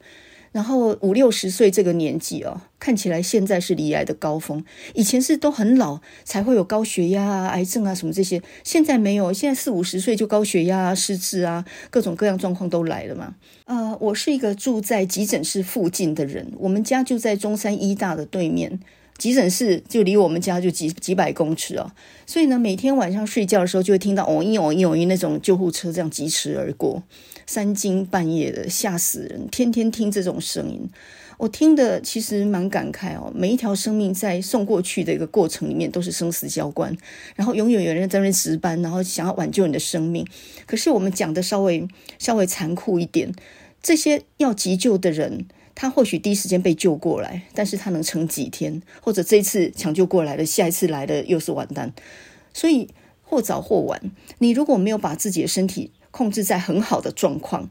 然後五六十歲這個年紀哦，看起來現在是罹癌的高峰。以前是都很老才會有高血壓啊、癌症啊什麼這些，現在沒有。現在四五十歲就高血壓啊、失智啊，各種各樣狀況都來了嘛。呃，我是一個住在急診室附近的人，我們家就在中山醫大的對面。急診室就離我們家就幾幾百公尺哦、啊。所以呢，每天晚上睡覺的時候就會聽到嗡音嗡音嗡音，那種救護車這樣疾馳而過，三更半夜的嚇死人，天天聽這種聲音，我聽的其實蠻感慨哦。每一條生命在送過去的一個過程裡面都是生死交關，然後永遠有人在那邊值班，然後想要挽救你的生命。可是我們講的稍微稍微殘酷一點，這些要急救的人。他或許第一時間被救過來，但是他能撐幾天？或者這次搶救過來了，下一次來的又是完蛋。所以或早或晚，你如果沒有把自己的身體控制在很好的狀況，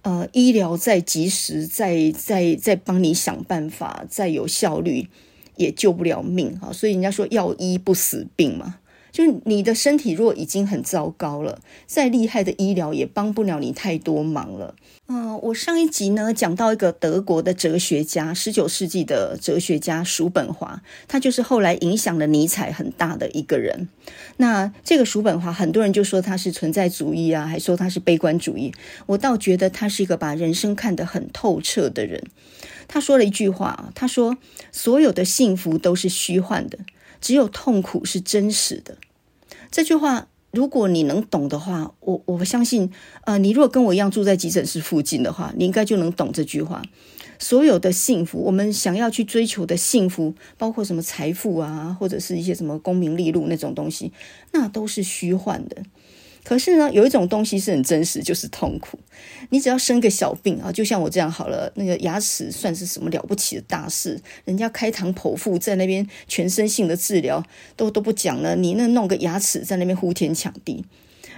呃，醫療再及時，再再再幫你想辦法，再有效率，也救不了命啊。所以人家說藥醫不死病嘛。因為你的身體如果已經很糟糕了，再厲害的醫療也幫不了你太多忙了。嗯、呃，我上一集呢講到一個德國的哲學家，十九世紀的哲學家叔本華，他就是後來影響了尼采很大的一個人。那這個叔本華，很多人就說他是存在主義啊，還說他是悲觀主義。我倒覺得他是一個把人生看得很透徹的人。他說了一句話，他說：“所有的幸福都是虛幻的，只有痛苦是真實的。”這句話，如果你能懂的話，我我相信，呃，你如果跟我一樣住在急診室附近的話，你應該就能懂這句話。所有的幸福，我們想要去追求的幸福，包括什麼財富啊，或者是一些什麼功名利祿那種東西，那都是虛幻的。可是呢，有一種東西是很真實，就是痛苦。你只要生個小病啊，就像我這樣好了，那個牙齒算是什麼了不起的大事？人家開膛剖腹在那邊全身性的治療都都不講了，你那弄個牙齒在那邊呼天搶地，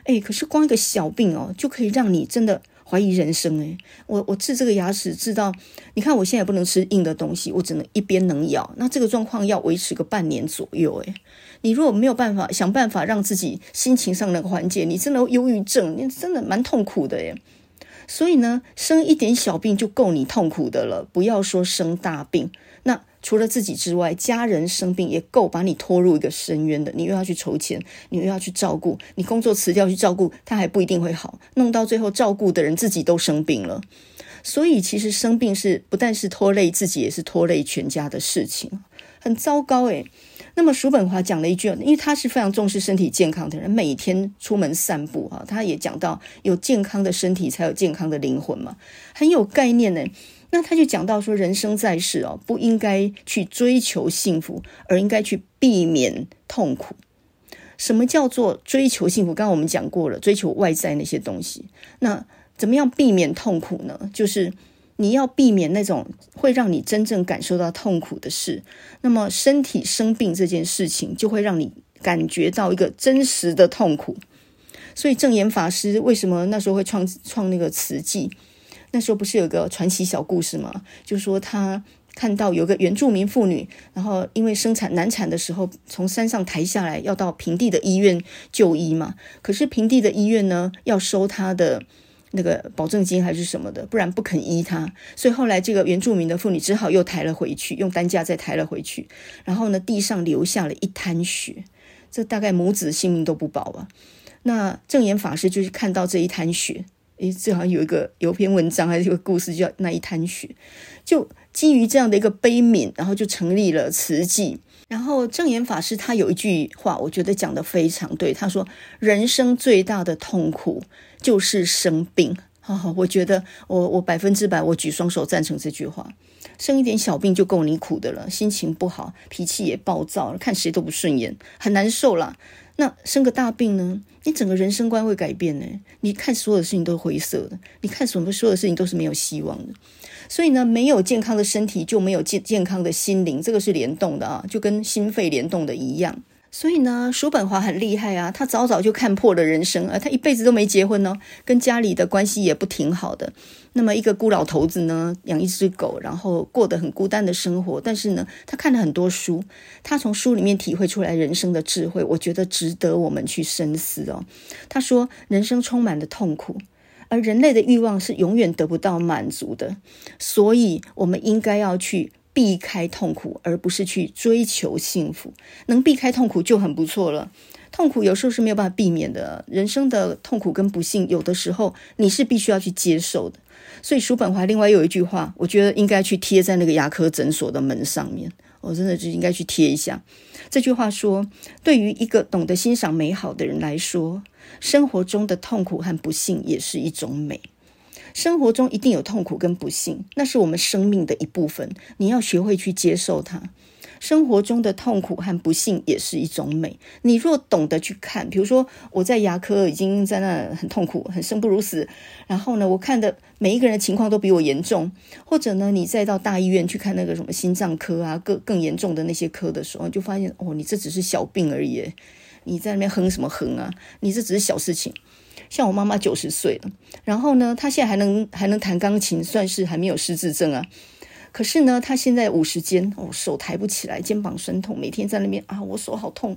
哎，可是光一個小病哦，就可以讓你真的。懷疑人生誒，我我治這個牙齒治到，你看我現在也不能吃硬的東西，我只能一邊能咬。那這個狀況要維持個半年左右誒。你如果沒有辦法想辦法讓自己心情上能緩解，你真的憂鬱症，你真的蠻痛苦的誒。所以呢，生一點小病就夠你痛苦的了，不要說生大病。除了自己之外，家人生病也夠把你拖入一個深淵的。你又要去籌錢，你又要去照顧，你工作辭掉去照顧他還不一定會好，弄到最後照顧的人自己都生病了。所以其實生病是不但是拖累自己，也是拖累全家的事情，很糟糕誒。那麼叔本華講了一句，因為他是非常重視身體健康的人，每天出門散步啊，他也講到有健康的身體才有健康的靈魂嘛，很有概念呢。那他就講到說，人生在世哦，不應該去追求幸福，而應該去避免痛苦。什麼叫做追求幸福？剛剛我們講過了，追求外在那些東西。那怎麼樣避免痛苦呢？就是你要避免那種會讓你真正感受到痛苦的事。那麼，身體生病這件事情就會讓你感覺到一個真實的痛苦。所以，證嚴法師為什麼那時候會創創那個慈濟？那時候不是有個傳奇小故事嗎？就是說他看到有個原住民婦女，然後因為生產難產的時候，從山上抬下來要到平地的醫院就醫嘛。可是平地的醫院呢，要收他的那個保證金還是什麼的，不然不肯醫他。所以後來這個原住民的婦女只好又抬了回去，用擔架再抬了回去。然後呢，地上留下了一灘血，這大概母子性命都不保啊。那證嚴法師就是看到這一灘血。誒，最好有一個有一篇文章還是一個故事，叫《那一灘血》，就基於這樣的一個悲憫，然後就成立了慈濟。然後證嚴法師他有一句話，我覺得講得非常對。他說：“人生最大的痛苦就是生病。”哦哈，我覺得我我百分之百，我舉雙手贊成這句話。生一點小病就夠你苦的了，心情不好，脾氣也暴躁，看誰都不順眼，很難受啦。那生個大病呢，你整個人生觀會改變嘞、欸。你看所有的事情都是灰色的，你看什麼所有的事情都是沒有希望的。所以呢，沒有健康的身體就沒有健健康的心靈，這個是聯動的啊，就跟心肺聯動的一樣。所以呢，叔本華很厲害啊，他早早就看破了人生啊，而他一輩子都沒結婚哦，跟家裡的關係也不挺好的。那麼一個孤老頭子呢，養一隻狗，然後過得很孤單的生活。但是呢，他看了很多書，他從書裡面體會出來人生的智慧，我覺得值得我們去深思哦。他說，人生充滿了痛苦，而人類的欲望是永遠得不到滿足的，所以我們應該要去。避開痛苦，而不是去追求幸福。能避開痛苦就很不錯了。痛苦有時候是沒有辦法避免的，人生的痛苦跟不幸，有的時候你是必須要去接受的。所以叔本華另外有一句話，我覺得應該去貼在那個牙科診所的門上面。我真的就應該去貼一下。這句話說：“對於一個懂得欣賞美好的人來說，生活中的痛苦和不幸也是一種美。”生活中一定有痛苦跟不幸，那是我們生命的一部分。你要學會去接受它。生活中的痛苦和不幸也是一種美。你若懂得去看，比如說我在牙科已經在那很痛苦，很生不如死。然後呢，我看的每一個人的情況都比我嚴重。或者呢，你再到大醫院去看那個什麼心臟科啊，更更嚴重的那些科的時候，就發現哦，你這只是小病而已。你在那邊哼什麼哼啊？你這只是小事情。像我媽媽九十歲了，然後呢，她現在還能還能彈鋼琴，算是還沒有失智症啊。可是呢，她現在五十肩，哦，手抬不起來，肩膀酸痛，每天在那邊啊，我手好痛。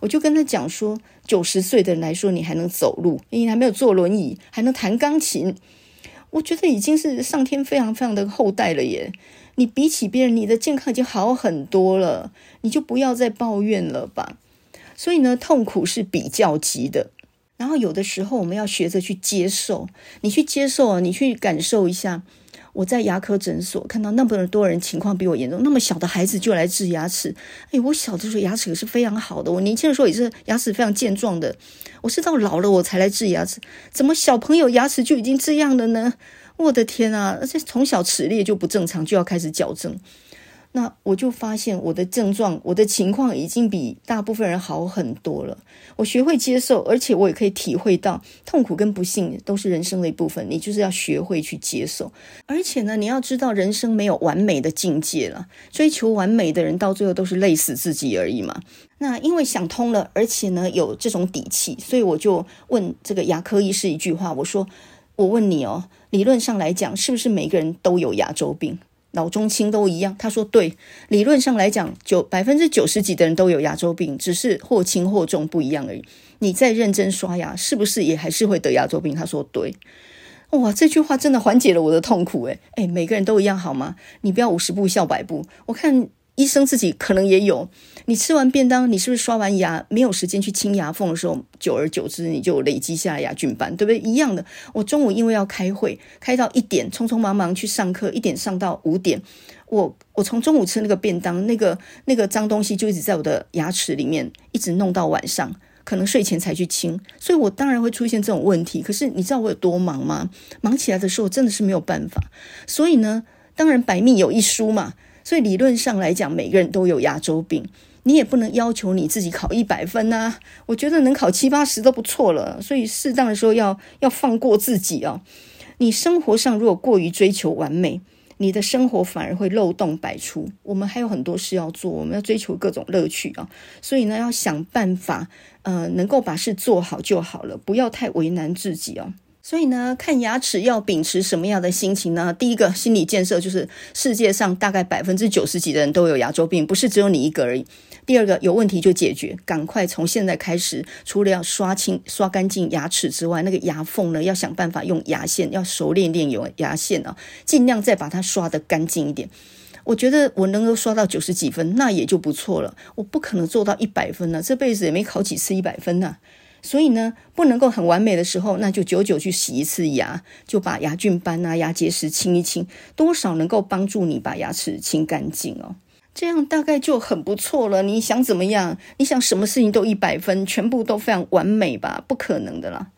我就跟她講說，九十歲的人來說，你還能走路，你還沒有坐輪椅，還能彈鋼琴，我覺得已經是上天非常非常的厚待了耶。你比起別人，你的健康已經好很多了，你就不要再抱怨了吧。所以呢，痛苦是比較級的。然後有的時候我們要學着去接受，你去接受啊，你去感受一下，我在牙科診所看到那麼多人情況比我嚴重，那麼小的孩子就來治牙齒。哎，我小的時候牙齒可是非常好的，我年輕的時候也是牙齒非常健壯的，我是到老了我才來治牙齒，怎麼小朋友牙齒就已經這樣了呢？我的天啊，而且從小齒列就不正常，就要開始矯正。那我就發現我的症狀，我的情況已經比大部分人好很多了。我學會接受，而且我也可以體會到痛苦跟不幸都是人生的一部分。你就是要學會去接受，而且呢，你要知道人生沒有完美的境界了。追求完美的人到最後都是累死自己而已嘛。那因為想通了，而且呢，有這種底氣，所以我就問這個牙科醫師一句話：我說，我問你哦，理論上來講，是不是每個人都有牙周病？老中青都一樣，他說對，理論上來講，九百分之九十幾的人都有牙周病，只是或輕或重不一樣而已。你再認真刷牙，是不是也還是會得牙周病？他說對，哇，這句話真的緩解了我的痛苦，誒，每個人都一樣好嗎？你不要五十步笑百步，我看。醫生自己可能也有，你吃完便當，你是不是刷完牙沒有時間去清牙縫的時候，久而久之你就累積下牙菌斑，對不對？一樣的，我中午因為要開會，開到一點，匆匆忙忙去上課，一點上到五點，我我從中午吃那個便當，那個那個髒東西就一直在我的牙齒裡面，一直弄到晚上，可能睡前才去清，所以我當然會出現這種問題。可是你知道我有多忙嗎？忙起來的時候真的是沒有辦法。所以呢，當然百密有一疏嘛。所以理論上來講，每個人都有牙周病，你也不能要求你自己考一百分吶、啊。我覺得能考七八十都不錯了，所以適當的時候要要放過自己哦。你生活上如果過於追求完美，你的生活反而會漏洞百出。我們還有很多事要做，我們要追求各種樂趣啊、哦。所以呢，要想辦法，呃，能夠把事做好就好了，不要太為難自己哦。所以呢，看牙齒要秉持什麼樣的心情呢？第一個心理建設就是，世界上大概百分之九十幾的人都有牙周病，不是只有你一個而已。第二個，有問題就解決，趕快從現在開始，除了要刷清、刷乾淨牙齒之外，那個牙縫呢，要想辦法用牙線，要熟練練用牙線啊，盡量再把它刷得乾淨一點。我覺得我能夠刷到九十幾分，那也就不錯了。我不可能做到一百分呢、啊，這輩子也沒考幾次一百分呢、啊。所以呢，不能夠很完美的時候，那就久久去洗一次牙，就把牙菌斑啊、牙結石清一清，多少能夠幫助你把牙齒清乾淨哦。這樣大概就很不錯了。你想怎麼樣？你想什麼事情都一百分，全部都非常完美吧？不可能的啦。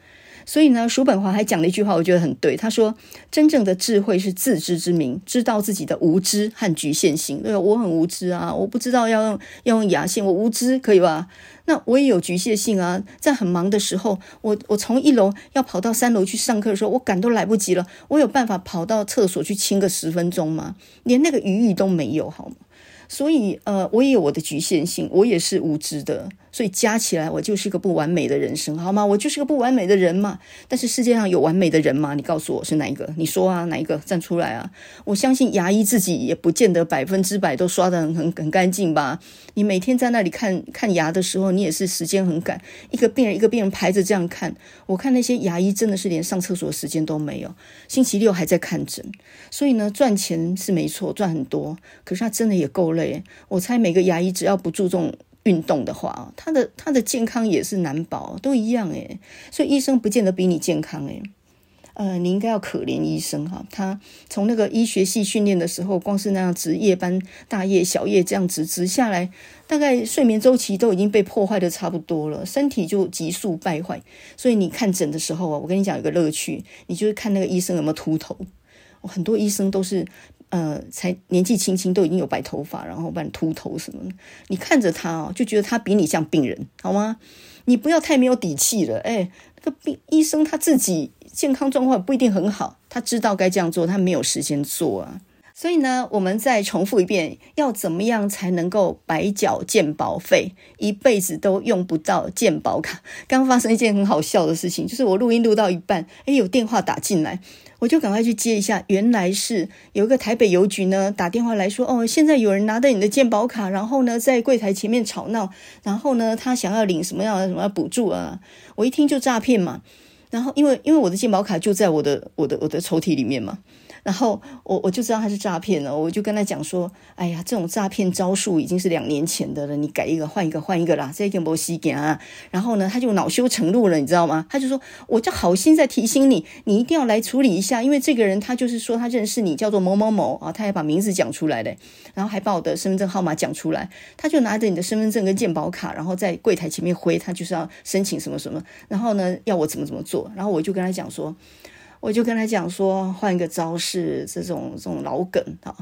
所以呢，叔本華還講了一句話，我覺得很對。他說：“真正的智慧是自知之明，知道自己的無知和局限性。對，我很無知啊，我不知道要用要用牙線，我無知可以吧？那我也有局限性啊，在很忙的時候，我我從一樓要跑到三樓去上課的時候，我趕都來不及了。我有辦法跑到廁所去清個十分鐘嗎？連那個餘裕都沒有好嗎？所以，呃，我也有我的局限性，我也是無知的。”所以加起來，我就是個不完美的人生，好嗎？我就是個不完美的人嘛。但是世界上有完美的人嗎？你告訴我是哪一個？你說啊，哪一個站出來啊？我相信牙醫自己也不見得百分之百都刷得很很很乾淨吧。你每天在那裡看看牙的時候，你也是時間很趕，一個病人一個病人排着這樣看。我看那些牙醫真的是連上廁所的時間都沒有，星期六還在看診。所以呢，賺錢是沒錯，賺很多，可是他真的也夠累。我猜每個牙醫只要不注重。運動的話，他的他的健康也是難保，都一樣誒，所以醫生不見得比你健康誒。呃，你應該要可憐醫生哈、啊，他從那個醫學系訓練的時候，光是那樣值夜班、大夜、小夜這樣子值下來，大概睡眠周期都已經被破壞得差不多了，身體就急速敗壞。所以你看診的時候啊，我跟你講有個樂趣，你就是看那個醫生有沒有禿頭。很多醫生都是。呃，才年紀輕輕都已經有白頭髮，然後半禿頭什麼的，你看着他哦，就覺得他比你像病人，好嗎？你不要太沒有底氣了，哎，那個病醫生他自己健康狀況不一定很好，他知道該這樣做，他沒有時間做啊。所以呢，我們再重複一遍，要怎麼樣才能夠白繳健保費，一輩子都用不到健保卡？剛發生一件很好笑的事情，就是我錄音錄到一半，哎，有電話打進來。我就趕快去接一下，原來是有一個台北郵局呢打電話來說，哦，現在有人拿着你的健保卡，然後呢在櫃檯前面吵鬧，然後呢他想要領什麼樣的什麼的補助啊？我一聽就詐騙嘛，然後因為因為我的健保卡就在我的我的我的抽屜裡面嘛。然後我我就知道他是詐騙了，我就跟他講說：“哎呀，這種詐騙招數已經是兩年前的了，你改一個，換一個，換一個啦，這個沒戲，沒啊。”然後呢，他就惱羞成怒了，你知道嗎？他就說：“我就好心在提醒你，你一定要來處理一下，因為這個人他就是說他認識你，叫做某某某啊，他還把名字講出來的，然後還把我的身份證號碼講出來，他就拿着你的身份證跟健保卡，然後在櫃台前面揮，他就是要申請什麼什麼，然後呢要我怎麼怎麼做，然後我就跟他講說。”我就跟他講說，換一個招式，這種這種老梗啊，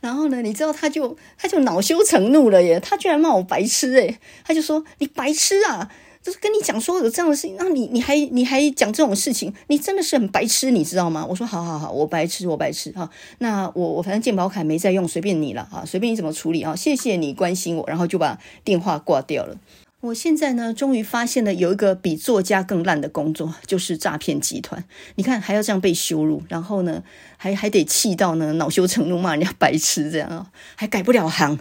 然後呢，你知道他就他就惱羞成怒了耶，他居然罵我白痴誒，他就說，你白痴啊，就是跟你講說有這樣的事情，那、啊、你你還你還講這種事情，你真的是很白痴，你知道嗎？我說好好好，我白痴我白痴哈、啊，那我我反正健保卡沒在用，隨便你了啊，隨便你怎麼處理啊，謝謝你關心我，然後就把電話掛掉了。我現在呢，終於發現了有一個比作家更爛的工作，就是詐騙集團。你看還要這樣被羞辱，然後呢，還還得氣到呢，惱羞成怒罵人家白痴這樣啊，還改不了行。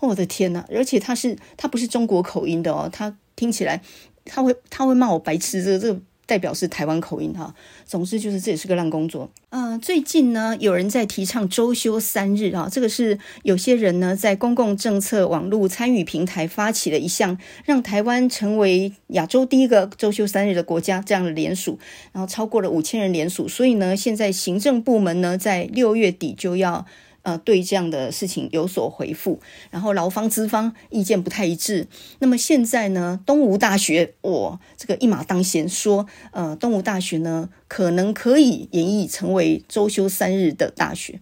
哦、我的天吶、啊，而且他是他不是中國口音的哦，他聽起來他會他會罵我白痴這個這個。代表是台灣口音哈，總之就是這也是個爛工作。嗯、呃，最近呢，有人在提倡周休三日啊、哦，這個是有些人呢在公共政策網絡參與平台發起了一項，讓台灣成為亞洲第一個周休三日的國家這樣的聯署，然後超過了五千人聯署，所以呢，現在行政部門呢在六月底就要。呃，對這樣的事情有所回復，然後勞方資方意見不太一致。那麼現在呢，東吳大學我、哦、這個一馬當先說，呃，東吳大學呢可能可以演繹成為周休三日的大學。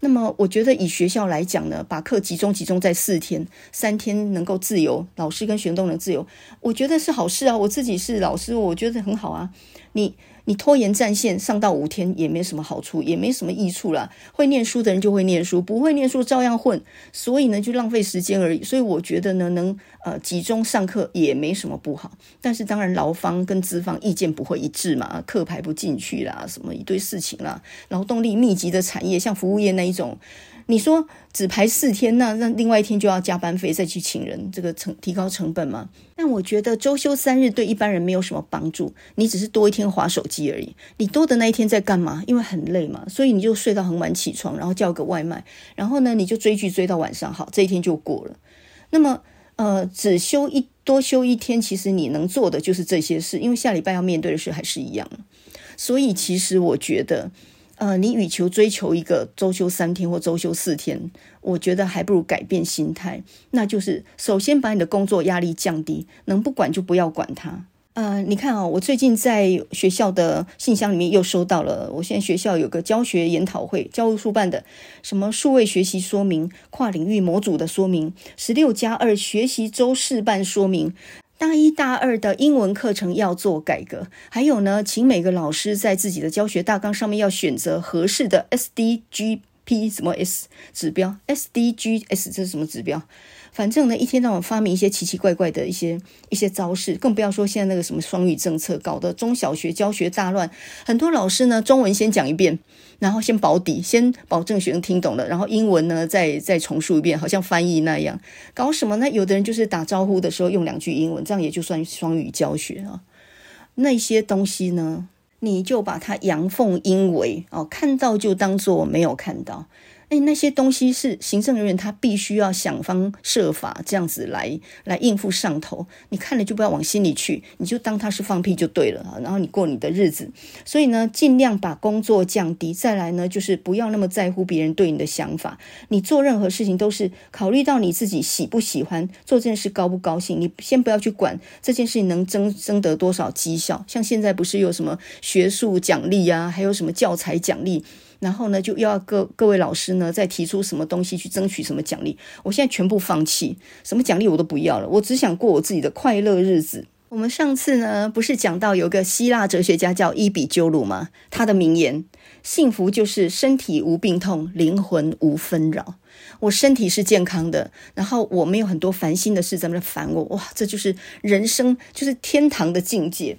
那麼我覺得以學校來講呢，把課集中集中在四天，三天能夠自由，老師跟學生都能自由，我覺得是好事啊。我自己是老師，我覺得很好啊。你。你拖延戰線上到五天也沒什麼好處，也沒什麼益處了。會唸書的人就會唸書，不會唸書照樣混，所以呢就浪費時間而已。所以我覺得呢，能呃集中上課也沒什麼不好。但是當然，勞方跟資方意見不會一致嘛，課排不進去啦，什麼一堆事情啦。勞動力密集的產業，像服務業那一種。你說只排四天，那那另外一天就要加班費，再去請人，這個成提高成本嗎？但我覺得周休三日對一般人沒有什麼幫助，你只是多一天滑手機而已。你多的那一天在幹嘛？因為很累嘛，所以你就睡到很晚起床，然後叫個外賣，然後呢你就追劇追到晚上，好，這一天就過了。那麼呃，只休一多休一天，其實你能做的就是這些事，因為下禮拜要面對的事還是一樣。所以其實我覺得。呃，你欲求追求一個周休三天或周休四天，我覺得還不如改變心態，那就是首先把你的工作壓力降低，能不管就不要管它。呃，你看啊、哦，我最近在學校的信箱裡面又收到了，我現在學校有個教學研討會，教務處辦的，什麼數位學習說明、跨領域模組的說明、十六加二學習周試辦說明。大一、大二的英文課程要做改革，還有呢，請每個老師在自己的教學大綱上面要選擇合適的 SDGP 什麼 S 指標，SDGS 這是什麼指標？反正呢，一天到晚發明一些奇奇怪怪的一些一些招式，更不要說現在那個什麼雙語政策，搞得中小學教學大亂，很多老師呢，中文先講一遍，然後先保底，先保證學生聽懂了，然後英文呢再再重述一遍，好像翻譯那樣。搞什麼呢？有的人就是打招呼的時候用兩句英文，這樣也就算雙語教學了。那些東西呢，你就把它陽奉陰違哦，看到就當做沒有看到。誒，那些東西是行政人員，他必須要想方設法這樣子來來應付上頭。你看了就不要往心裡去，你就當他是放屁就對了，然後你過你的日子。所以呢，盡量把工作降低。再來呢，就是不要那麼在乎別人對你的想法。你做任何事情都是考慮到你自己喜不喜歡做這件事，高不高興。你先不要去管這件事情能爭爭得多少績效。像現在不是有什麼學術獎勵啊，還有什麼教材獎勵？然後呢，就要各各位老師呢再提出什麼東西去爭取什麼獎勵？我現在全部放棄，什麼獎勵我都不要了，我只想過我自己的快樂日子。我們上次呢不是講到有個希臘哲學家叫伊比鳩魯嗎？他的名言，幸福就是身體無病痛，靈魂無紛擾。我身體是健康的，然後我沒有很多煩心的事在那煩我，哇，這就是人生，就是天堂的境界。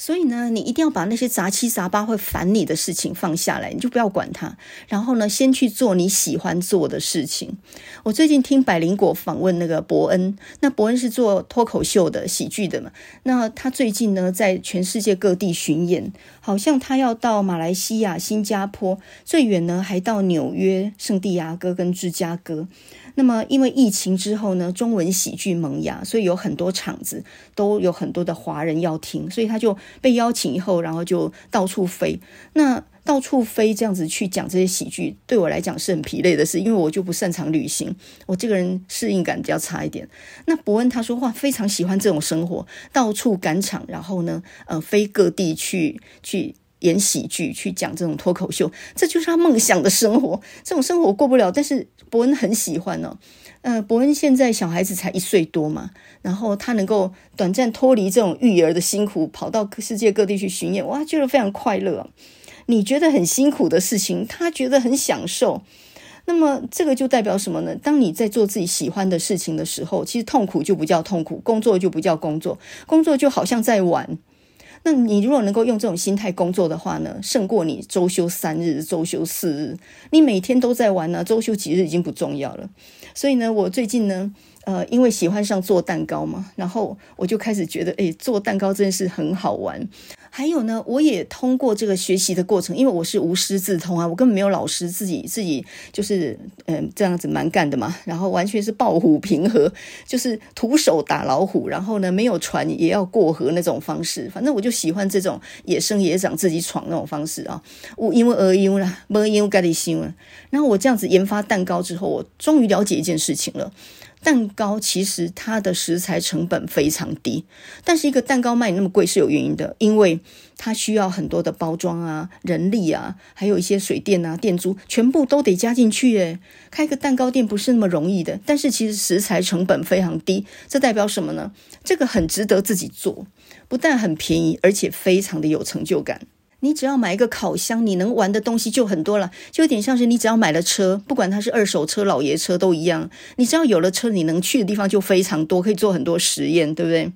所以呢，你一定要把那些雜七雜八會煩你的事情放下來，你就不要管它。然後呢，先去做你喜歡做的事情。我最近聽百靈果訪問那個博恩，那博恩是做脫口秀的、喜劇的嘛。那他最近呢，在全世界各地巡演，好像他要到馬來西亞、新加坡，最遠呢還到紐約、聖地亞哥跟芝加哥。那麼，因為疫情之後呢，中文喜劇萌芽，所以有很多場子都有很多的華人要聽，所以他就被邀請以後，然後就到處飛。那到處飛這樣子去講這些喜劇，對我來講是很疲累的事，因為我就不擅長旅行，我這個人適應感比較差一點。那博恩他說：“哇，非常喜歡這種生活，到處趕場，然後呢，呃，飛各地去去。”演喜劇去講這種脫口秀，這就是他夢想的生活。這種生活我過不了，但是博恩很喜歡呢、哦。呃，博恩現在小孩子才一歲多嘛，然後他能夠短暫脫離這種育兒的辛苦，跑到世界各地去巡演，哇，覺得非常快樂。你覺得很辛苦的事情，他覺得很享受。那麼這個就代表什麼呢？當你在做自己喜歡的事情的時候，其實痛苦就不叫痛苦，工作就不叫工作，工作就好像在玩。那你如果能夠用這種心態工作的話呢，勝過你周休三日、周休四日，你每天都在玩呢、啊，周休幾日已經不重要了。所以呢，我最近呢。呃，因為喜歡上做蛋糕嘛，然後我就開始覺得，哎、欸，做蛋糕真是很好玩。還有呢，我也通過這個學習的過程，因為我是無師自通啊，我根本沒有老師，自己自己就是嗯這樣子蠻幹的嘛。然後完全是暴虎馮河，就是徒手打老虎，然後呢沒有船也要過河那種方式。反正我就喜歡這種野生野長自己闖那種方式啊。我因為而已啦，因為該的新了然後我這樣子研發蛋糕之後，我終於了解一件事情了。蛋糕其實它的食材成本非常低，但是一個蛋糕賣那麼貴是有原因的，因為它需要很多的包裝啊、人力啊，還有一些水電啊、店租，全部都得加進去。誒。開個蛋糕店不是那麼容易的，但是其實食材成本非常低，這代表什麼呢？這個很值得自己做，不但很便宜，而且非常的有成就感。你只要買一個烤箱，你能玩的東西就很多了，就有點像是你只要買了車，不管它是二手車、老爺車都一樣。你只要有了車，你能去的地方就非常多，可以做很多實驗，對不對？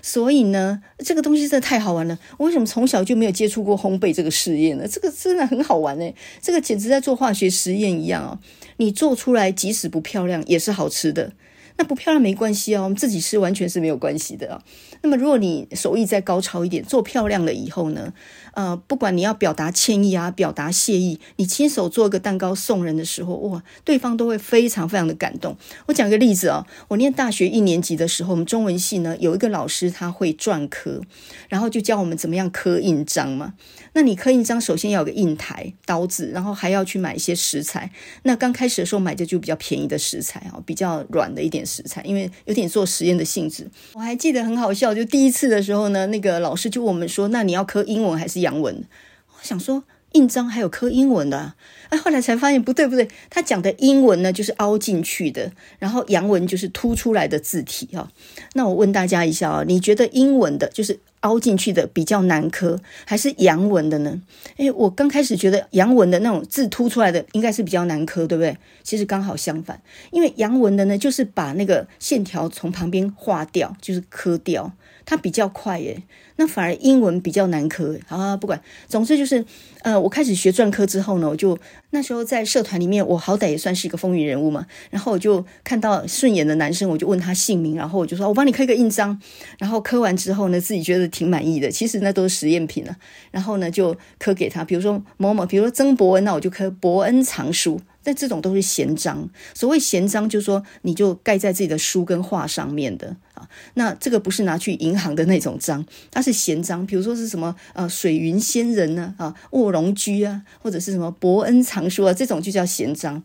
所以呢，這個東西真的太好玩了。我為什麼從小就沒有接觸過烘焙這個實驗呢？這個真的很好玩誒、欸，這個簡直在做化學實驗一樣哦。你做出來即使不漂亮，也是好吃的。那不漂亮沒關係哦，我們自己吃完全是沒有關係的啊、哦。那麼，如果你手藝再高超一點，做漂亮了以後呢？呃，不管你要表達歉意啊，表達謝意，你親手做一個蛋糕送人的時候，哇，對方都會非常非常的感動。我講個例子哦，我念大學一年級的時候，我們中文系呢有一個老師他會篆刻，然後就教我們怎麼樣刻印章嘛。那你刻印章首先要有個印台、刀子，然後還要去買一些石材。那剛開始的時候買的就比較便宜的石材哦，比較軟的一點石材，因為有點做實驗的性質。我還記得很好笑，就第一次的時候呢，那個老師就問我們說：“那你要刻英文還是？”洋文，我想說印章還有刻英文的？啊，哎，後來才發現不對不對，他講的陰文呢就是凹進去的，然後陽文就是凸出來的字體哈，哦，那我問大家一下啊，哦，你覺得陰文的就是凹進去的比較難刻，還是陽文的呢？哎，我剛開始覺得陽文的那種字凸出來的應該是比較難刻，對不對？其實剛好相反，因為陽文的呢就是把那個線條從旁邊劃掉，就是刻掉。他比較快耶，那反而英文比較難刻。啊，不管，總之就是，呃，我開始學篆刻之後呢，我就那時候在社團裡面，我好歹也算是一個風雲人物嘛。然後我就看到順眼的男生，我就問他姓名，然後我就說，我幫你刻一個印章。然後刻完之後呢，自己覺得挺滿意的，其實那都是實驗品了、啊。然後呢，就刻給他，比如說某某，比如說曾博恩，那我就刻博恩藏書。那這種都是閒章，所謂閒章，就是說你就蓋在自己的書跟畫上面的啊。那這個不是拿去銀行的那種章，它是閒章。比如說是什麼啊，水雲仙人呢啊，臥龍居啊，或者是什麼伯恩藏書啊，這種就叫閒章。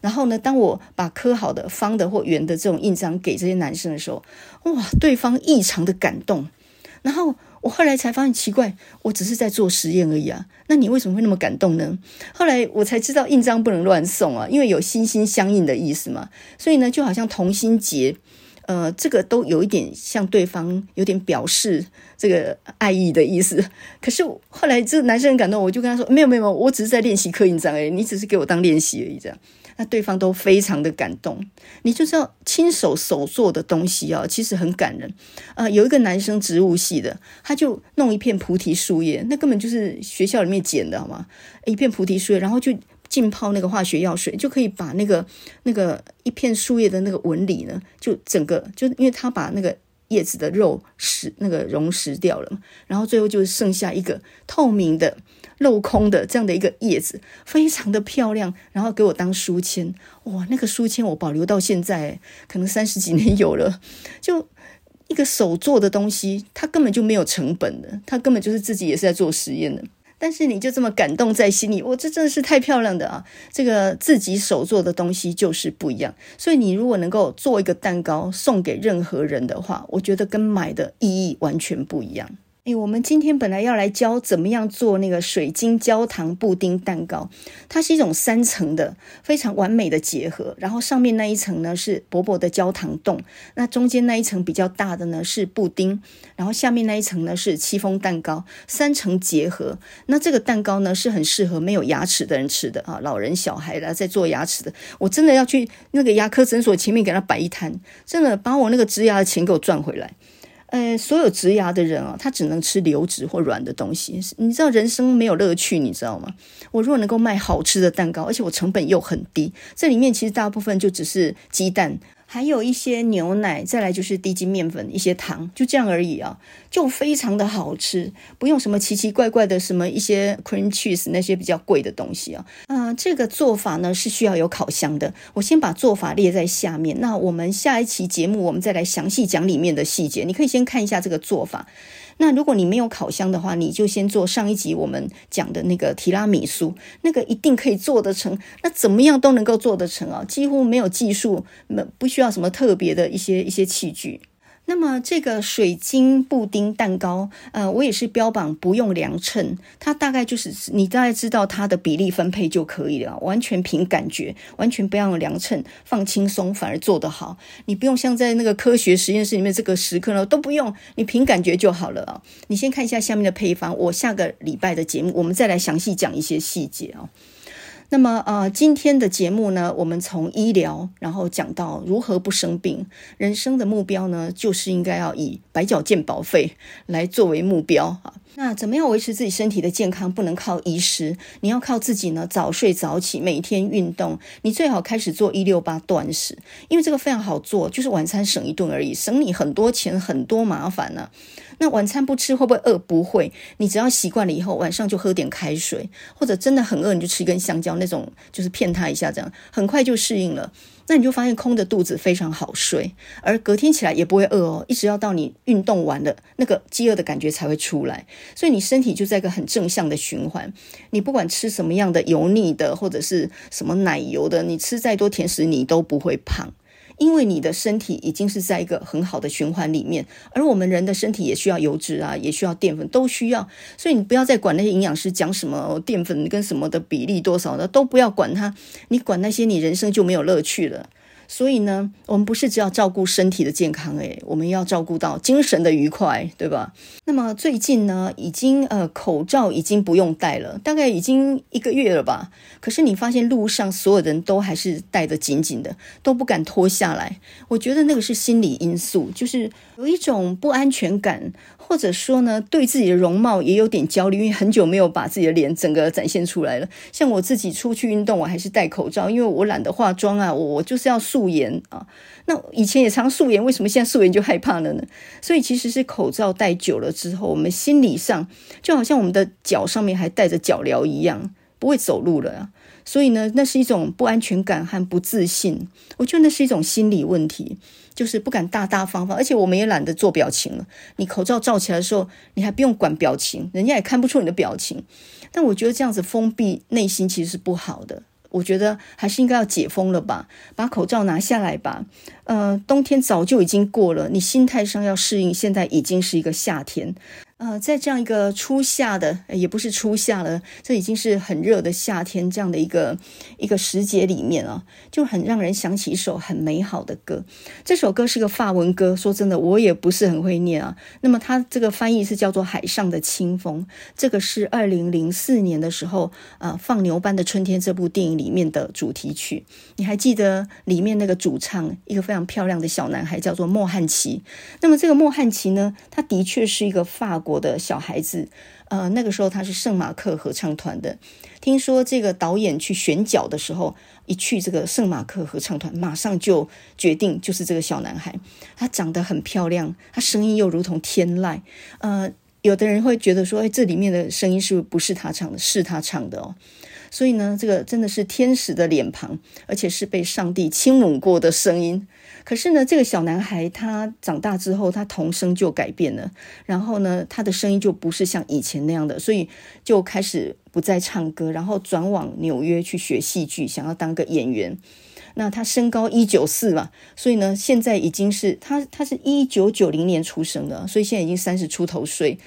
然後呢，當我把刻好的方的或圓的這種印章給這些男生的時候，哇，對方異常的感動，然後。我後來才發現奇怪，我只是在做實驗而已啊。那你為什麼會那麼感動呢？後來我才知道印章不能亂送啊，因為有心心相印的意思嘛。所以呢，就好像同心結，呃，這個都有一點向對方有點表示這個愛意的意思。可是後來這個男生很感動，我就跟他說：沒有沒有沒有，我只是在練習刻印章而已，你只是給我當練習而已這樣。那對方都非常的感動，你就是要親手手做的東西啊、哦，其實很感人。啊、呃，有一個男生植物系的，他就弄一片菩提樹葉，那根本就是學校裡面撿的，好嗎？一片菩提樹葉，然後就浸泡那個化學藥水，就可以把那個那個一片樹葉的那個紋理呢，就整個就因為他把那個。葉子的肉是那個溶蝕掉了，然後最後就剩下一個透明的、鏤空的這樣的一個葉子，非常的漂亮。然後給我當書籤，哇，那個書籤我保留到現在，可能三十幾年有了。就一個手做的東西，它根本就沒有成本的，它根本就是自己也是在做實驗的。但是你就這麼感動在心裡，我、哦、這真的是太漂亮的啊！這個自己手做的東西就是不一樣。所以你如果能夠做一個蛋糕送給任何人的話，我覺得跟買的意義完全不一樣。哎，我們今天本來要來教怎麼樣做那個水晶焦糖布丁蛋糕，它是一種三層的非常完美的結合。然後上面那一層呢，是薄薄的焦糖凍，那中間那一層比較大的呢，是布丁，然後下面那一層呢，是戚風蛋糕，三層結合。那這個蛋糕呢，是很適合沒有牙齒的人吃的啊，老人、小孩啦，然後在做牙齒的，我真的要去那個牙科診所前面給他擺一攤，真的把我那個植牙的錢給我賺回來。呃，所有植牙的人啊，他只能吃流質或軟的東西，你知道人生沒有樂趣，你知道嗎？我如果能夠賣好吃的蛋糕，而且我成本又很低，這裡面其實大部分就只是雞蛋。還有一些牛奶，再來就是低筋麵粉、一些糖，就這樣而已啊，就非常的好吃，不用什麼奇奇怪怪的什麼一些 cream cheese 那些比較貴的東西啊。嗯、呃，這個做法呢是需要有烤箱的，我先把做法列在下面。那我們下一期節目我們再來詳細講裡面的細節，你可以先看一下這個做法。那如果你沒有烤箱的話，你就先做上一集我們講的那個提拉米蘇，那個一定可以做得成。那怎麼樣都能夠做得成啊、哦，幾乎沒有技術，沒不需要什麼特別的一些一些器具。那麼這個水晶布丁蛋糕，呃，我也是標榜不用量秤，它大概就是你大概知道它的比例分配就可以了，完全憑感覺，完全不要用量秤，放輕鬆反而做得好。你不用像在那個科學實驗室裡面這個時刻了，都不用，你憑感覺就好了。你先看一下下面的配方，我下個禮拜的節目，我們再來詳細講一些細節啊。那麼，呃，今天的節目呢，我們從醫療，然後講到如何不生病。人生的目標呢，就是應該要以白繳健保費來作為目標啊。那怎麼樣維持自己身體的健康？不能靠醫師，你要靠自己呢。早睡早起，每天運動。你最好開始做一六八斷食，因為這個非常好做，就是晚餐省一頓而已，省你很多錢，很多麻煩呢、啊。那晚餐不吃會不會餓？不會，你只要習慣了以後，晚上就喝點開水，或者真的很餓，你就吃一根香蕉，那種就是騙他一下，這樣很快就適應了。那你就發現空的肚子非常好睡，而隔天起來也不會餓哦，一直要到你運動完了，那個飢餓的感覺才會出來。所以你身體就在一個很正向的循環。你不管吃什麼樣的油膩的，或者是什麼奶油的，你吃再多甜食，你都不會胖。因為你的身體已經是在一個很好的循環裡面，而我們人的身體也需要油脂啊，也需要澱粉，都需要。所以你不要再管那些營養師講什麼澱粉跟什麼的比例多少的，都不要管它，你管那些，你人生就沒有樂趣了。所以呢，我們不是只要照顧身體的健康誒、欸，我們要照顧到精神的愉快，對吧？那麼最近呢，已經呃口罩已經不用戴了，大概已經一個月了吧？可是你發現路上所有人都還是戴得緊緊的，都不敢脫下來。我覺得那個是心理因素，就是有一種不安全感，或者說呢，對自己的容貌也有點焦慮，因為很久沒有把自己的臉整個展現出來了。像我自己出去運動，我還是戴口罩，因為我懶得化妝啊，我我就是要素。素顏啊，那以前也常素顏，為什麼現在素顏就害怕了呢？所以其實是口罩戴久了之後，我們心理上就好像我們的腳上面還戴着腳鐐一樣，不會走路了啊。所以呢，那是一種不安全感和不自信。我覺得那是一種心理問題，就是不敢大大方方，而且我們也懶得做表情了。你口罩罩起來的時候，你還不用管表情，人家也看不出你的表情。但我覺得這樣子封閉內心其實是不好的。我覺得還是應該要解封了吧，把口罩拿下來吧。呃，冬天早就已經過了，你心態上要適應，現在已經是一個夏天。呃，在這樣一個初夏的，也不是初夏了，這已經是很熱的夏天這樣的一個一個時節裡面啊，就很讓人想起一首很美好的歌。這首歌是個法文歌，說真的，我也不是很會念啊。那麼它這個翻譯是叫做《海上的清風》，這個是二零零四年的時候，呃，《放牛班的春天》這部電影裡面的主題曲。你還記得裡面那個主唱，一個非常漂亮的小男孩叫做莫翰奇。那麼這個莫翰奇呢，他的確是一個法國。我的小孩子，呃，那個時候他是聖馬克合唱團的。聽說這個導演去選角的時候，一去這個聖馬克合唱團，馬上就決定就是這個小男孩。他長得很漂亮，他聲音又如同天籟。呃，有的人會覺得說，這裡面的聲音是不是，不是他唱的？是他唱的哦。所以呢，這個真的是天使的臉龐，而且是被上帝親吻過的聲音。可是呢，這個小男孩他長大之後，他童聲就改變了。然後呢，他的聲音就不是像以前那樣的，所以就開始不再唱歌，然後轉往紐約去學戲劇，想要當個演員。那他身高一九四嘛，所以呢，現在已經是他，他是一九九零年出生的，所以現在已經三十出頭歲。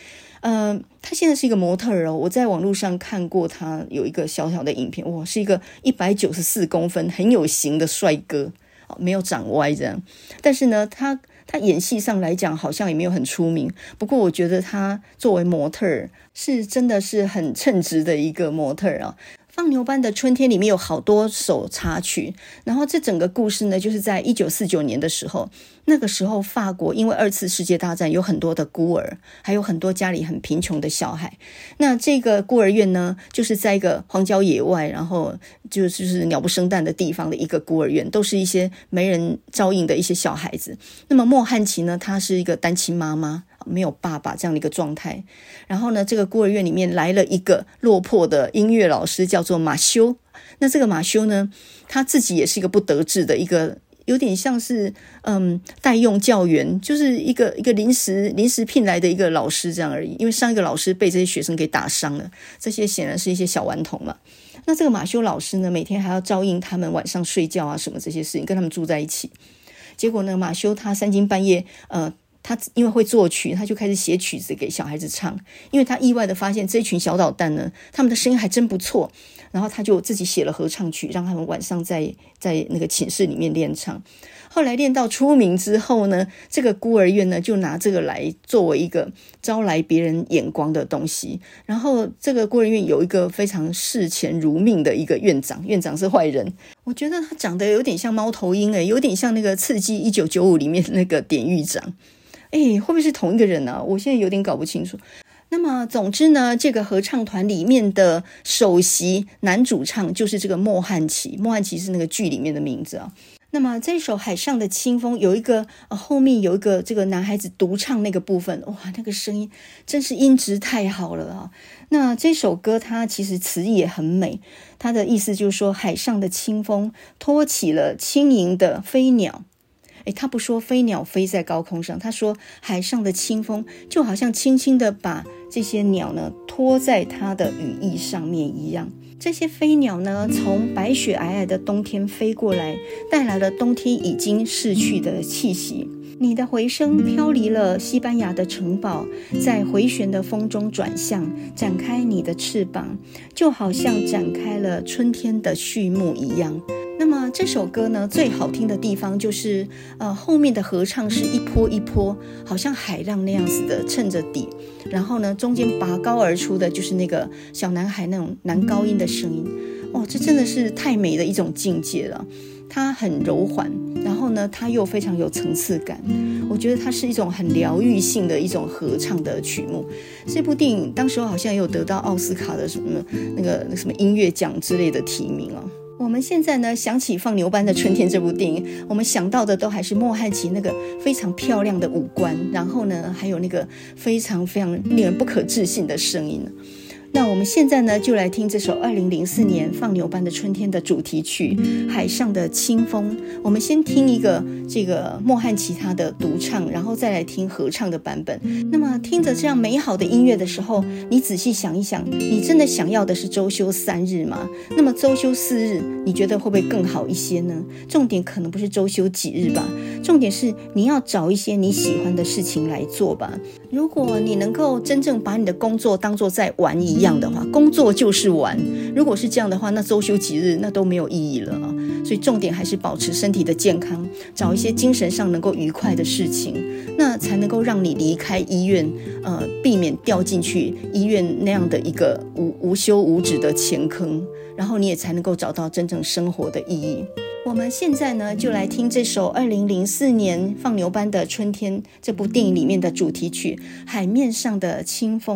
嗯、呃，他現在是一個模特兒哦，我在網絡上看過他有一個小小的影片，哇，是一個一百九十四公分很有型的帥哥。沒有長歪這樣，但是呢，他他演戲上來講好像也沒有很出名。不過我覺得他作為模特兒，是真的是很稱職的一個模特兒啊。《放牛班的春天》裡面有好多首插曲，然後這整個故事呢，就是在一九四九年的時候，那個時候法國因為二次世界大戰，有很多的孤兒，還有很多家裡很貧窮的小孩。那這個孤兒院呢，就是在一個荒郊野外，然後就就是鳥不生蛋的地方的一個孤兒院，都是一些沒人照應的一些小孩子。那麼莫翰奇呢，她是一個單親媽媽。沒有爸爸這樣的一個狀態，然後呢，這個孤兒院裡面來了一個落魄的音樂老師，叫做馬修。那這個馬修呢，他自己也是一個不得志的，一個有點像是嗯代用教員，就是一個一個臨時臨時聘來的一個老師這樣而已。因為上一個老師被這些學生給打傷了，這些顯然是一些小頑童嘛。那這個馬修老師呢，每天還要照應他們晚上睡覺啊什麼這些事情，跟他們住在一起。結果呢，馬修他三更半夜呃。他因為會作曲，他就開始寫曲子給小孩子唱。因為他意外地發現這群小搗蛋呢，他們的聲音還真不錯。然後他就自己寫了合唱曲，讓他們晚上在在那個寢室裡面練唱。後來練到出名之後呢，這個孤兒院呢就拿這個來作為一個招來別人眼光的東西。然後這個孤兒院有一個非常視錢如命的一個院長，院長是壞人。我覺得他長得有點像貓頭鷹，誒，有點像那個《刺激一九九五》裡面那個典獄長。哎，會不會是同一個人呢，啊？我現在有點搞不清楚。那麼，總之呢，這個合唱團裡面的首席男主唱就是這個莫翰奇，莫翰奇是那個劇裡面的名字啊。那麼，這首《海上的清風》有一個後面有一個這個男孩子獨唱那個部分，哇，那個聲音真是音質太好了啊！那這首歌它其實詞意也很美，它的意思就是說，海上的清風托起了輕盈的飛鳥。誒，他不說飛鳥飛在高空上，他說海上的清風就好像輕輕地把這些鳥呢托在它的羽翼上面一樣。這些飛鳥呢，從白雪皚皚的冬天飛過來，帶來了冬天已經逝去的氣息。你的回聲飄離了西班牙的城堡，在回旋的風中轉向，展開你的翅膀，就好像展開了春天的序幕一樣。這首歌呢，最好聽的地方就是，呃，後面的合唱是一波一波，好像海浪那樣子的襯着底，然後呢，中間拔高而出的就是那個小男孩那種男高音的聲音，哦，這真的是太美的一種境界了。它很柔緩，然後呢，它又非常有層次感。我覺得它是一種很療癒性的一種合唱的曲目。這部電影當時好像也有得到奧斯卡的什麼那個什麼音樂獎之類的提名啊、哦。我們現在呢，想起《放牛班的春天》這部電影，我們想到的都還是莫翰奇那個非常漂亮的五官，然後呢，還有那個非常非常令人不可置信的聲音。那我們現在呢，就來聽這首二零零四年《放牛班的春天》的主題曲《海上的清風》。我們先聽一個這個莫翰奇他的獨唱，然後再來聽合唱的版本。那麼聽着這樣美好的音樂的時候，你仔細想一想，你真的想要的是周休三日嗎？那麼周休四日，你覺得會不會更好一些呢？重點可能不是周休幾日吧，重點是你要找一些你喜歡的事情來做吧。如果你能夠真正把你的工作當作在玩一樣。這樣的話，工作就是玩。如果是這樣的話，那周休幾日那都沒有意義了。所以重點還是保持身體的健康，找一些精神上能夠愉快的事情，那才能夠讓你離開醫院，呃，避免掉進去醫院那樣的一個無無休無止的錢坑，然後你也才能夠找到真正生活的意義。我們現在呢，就來聽這首二零零四年《放牛班的春天》這部電影裡面的主題曲《海面上的清風》。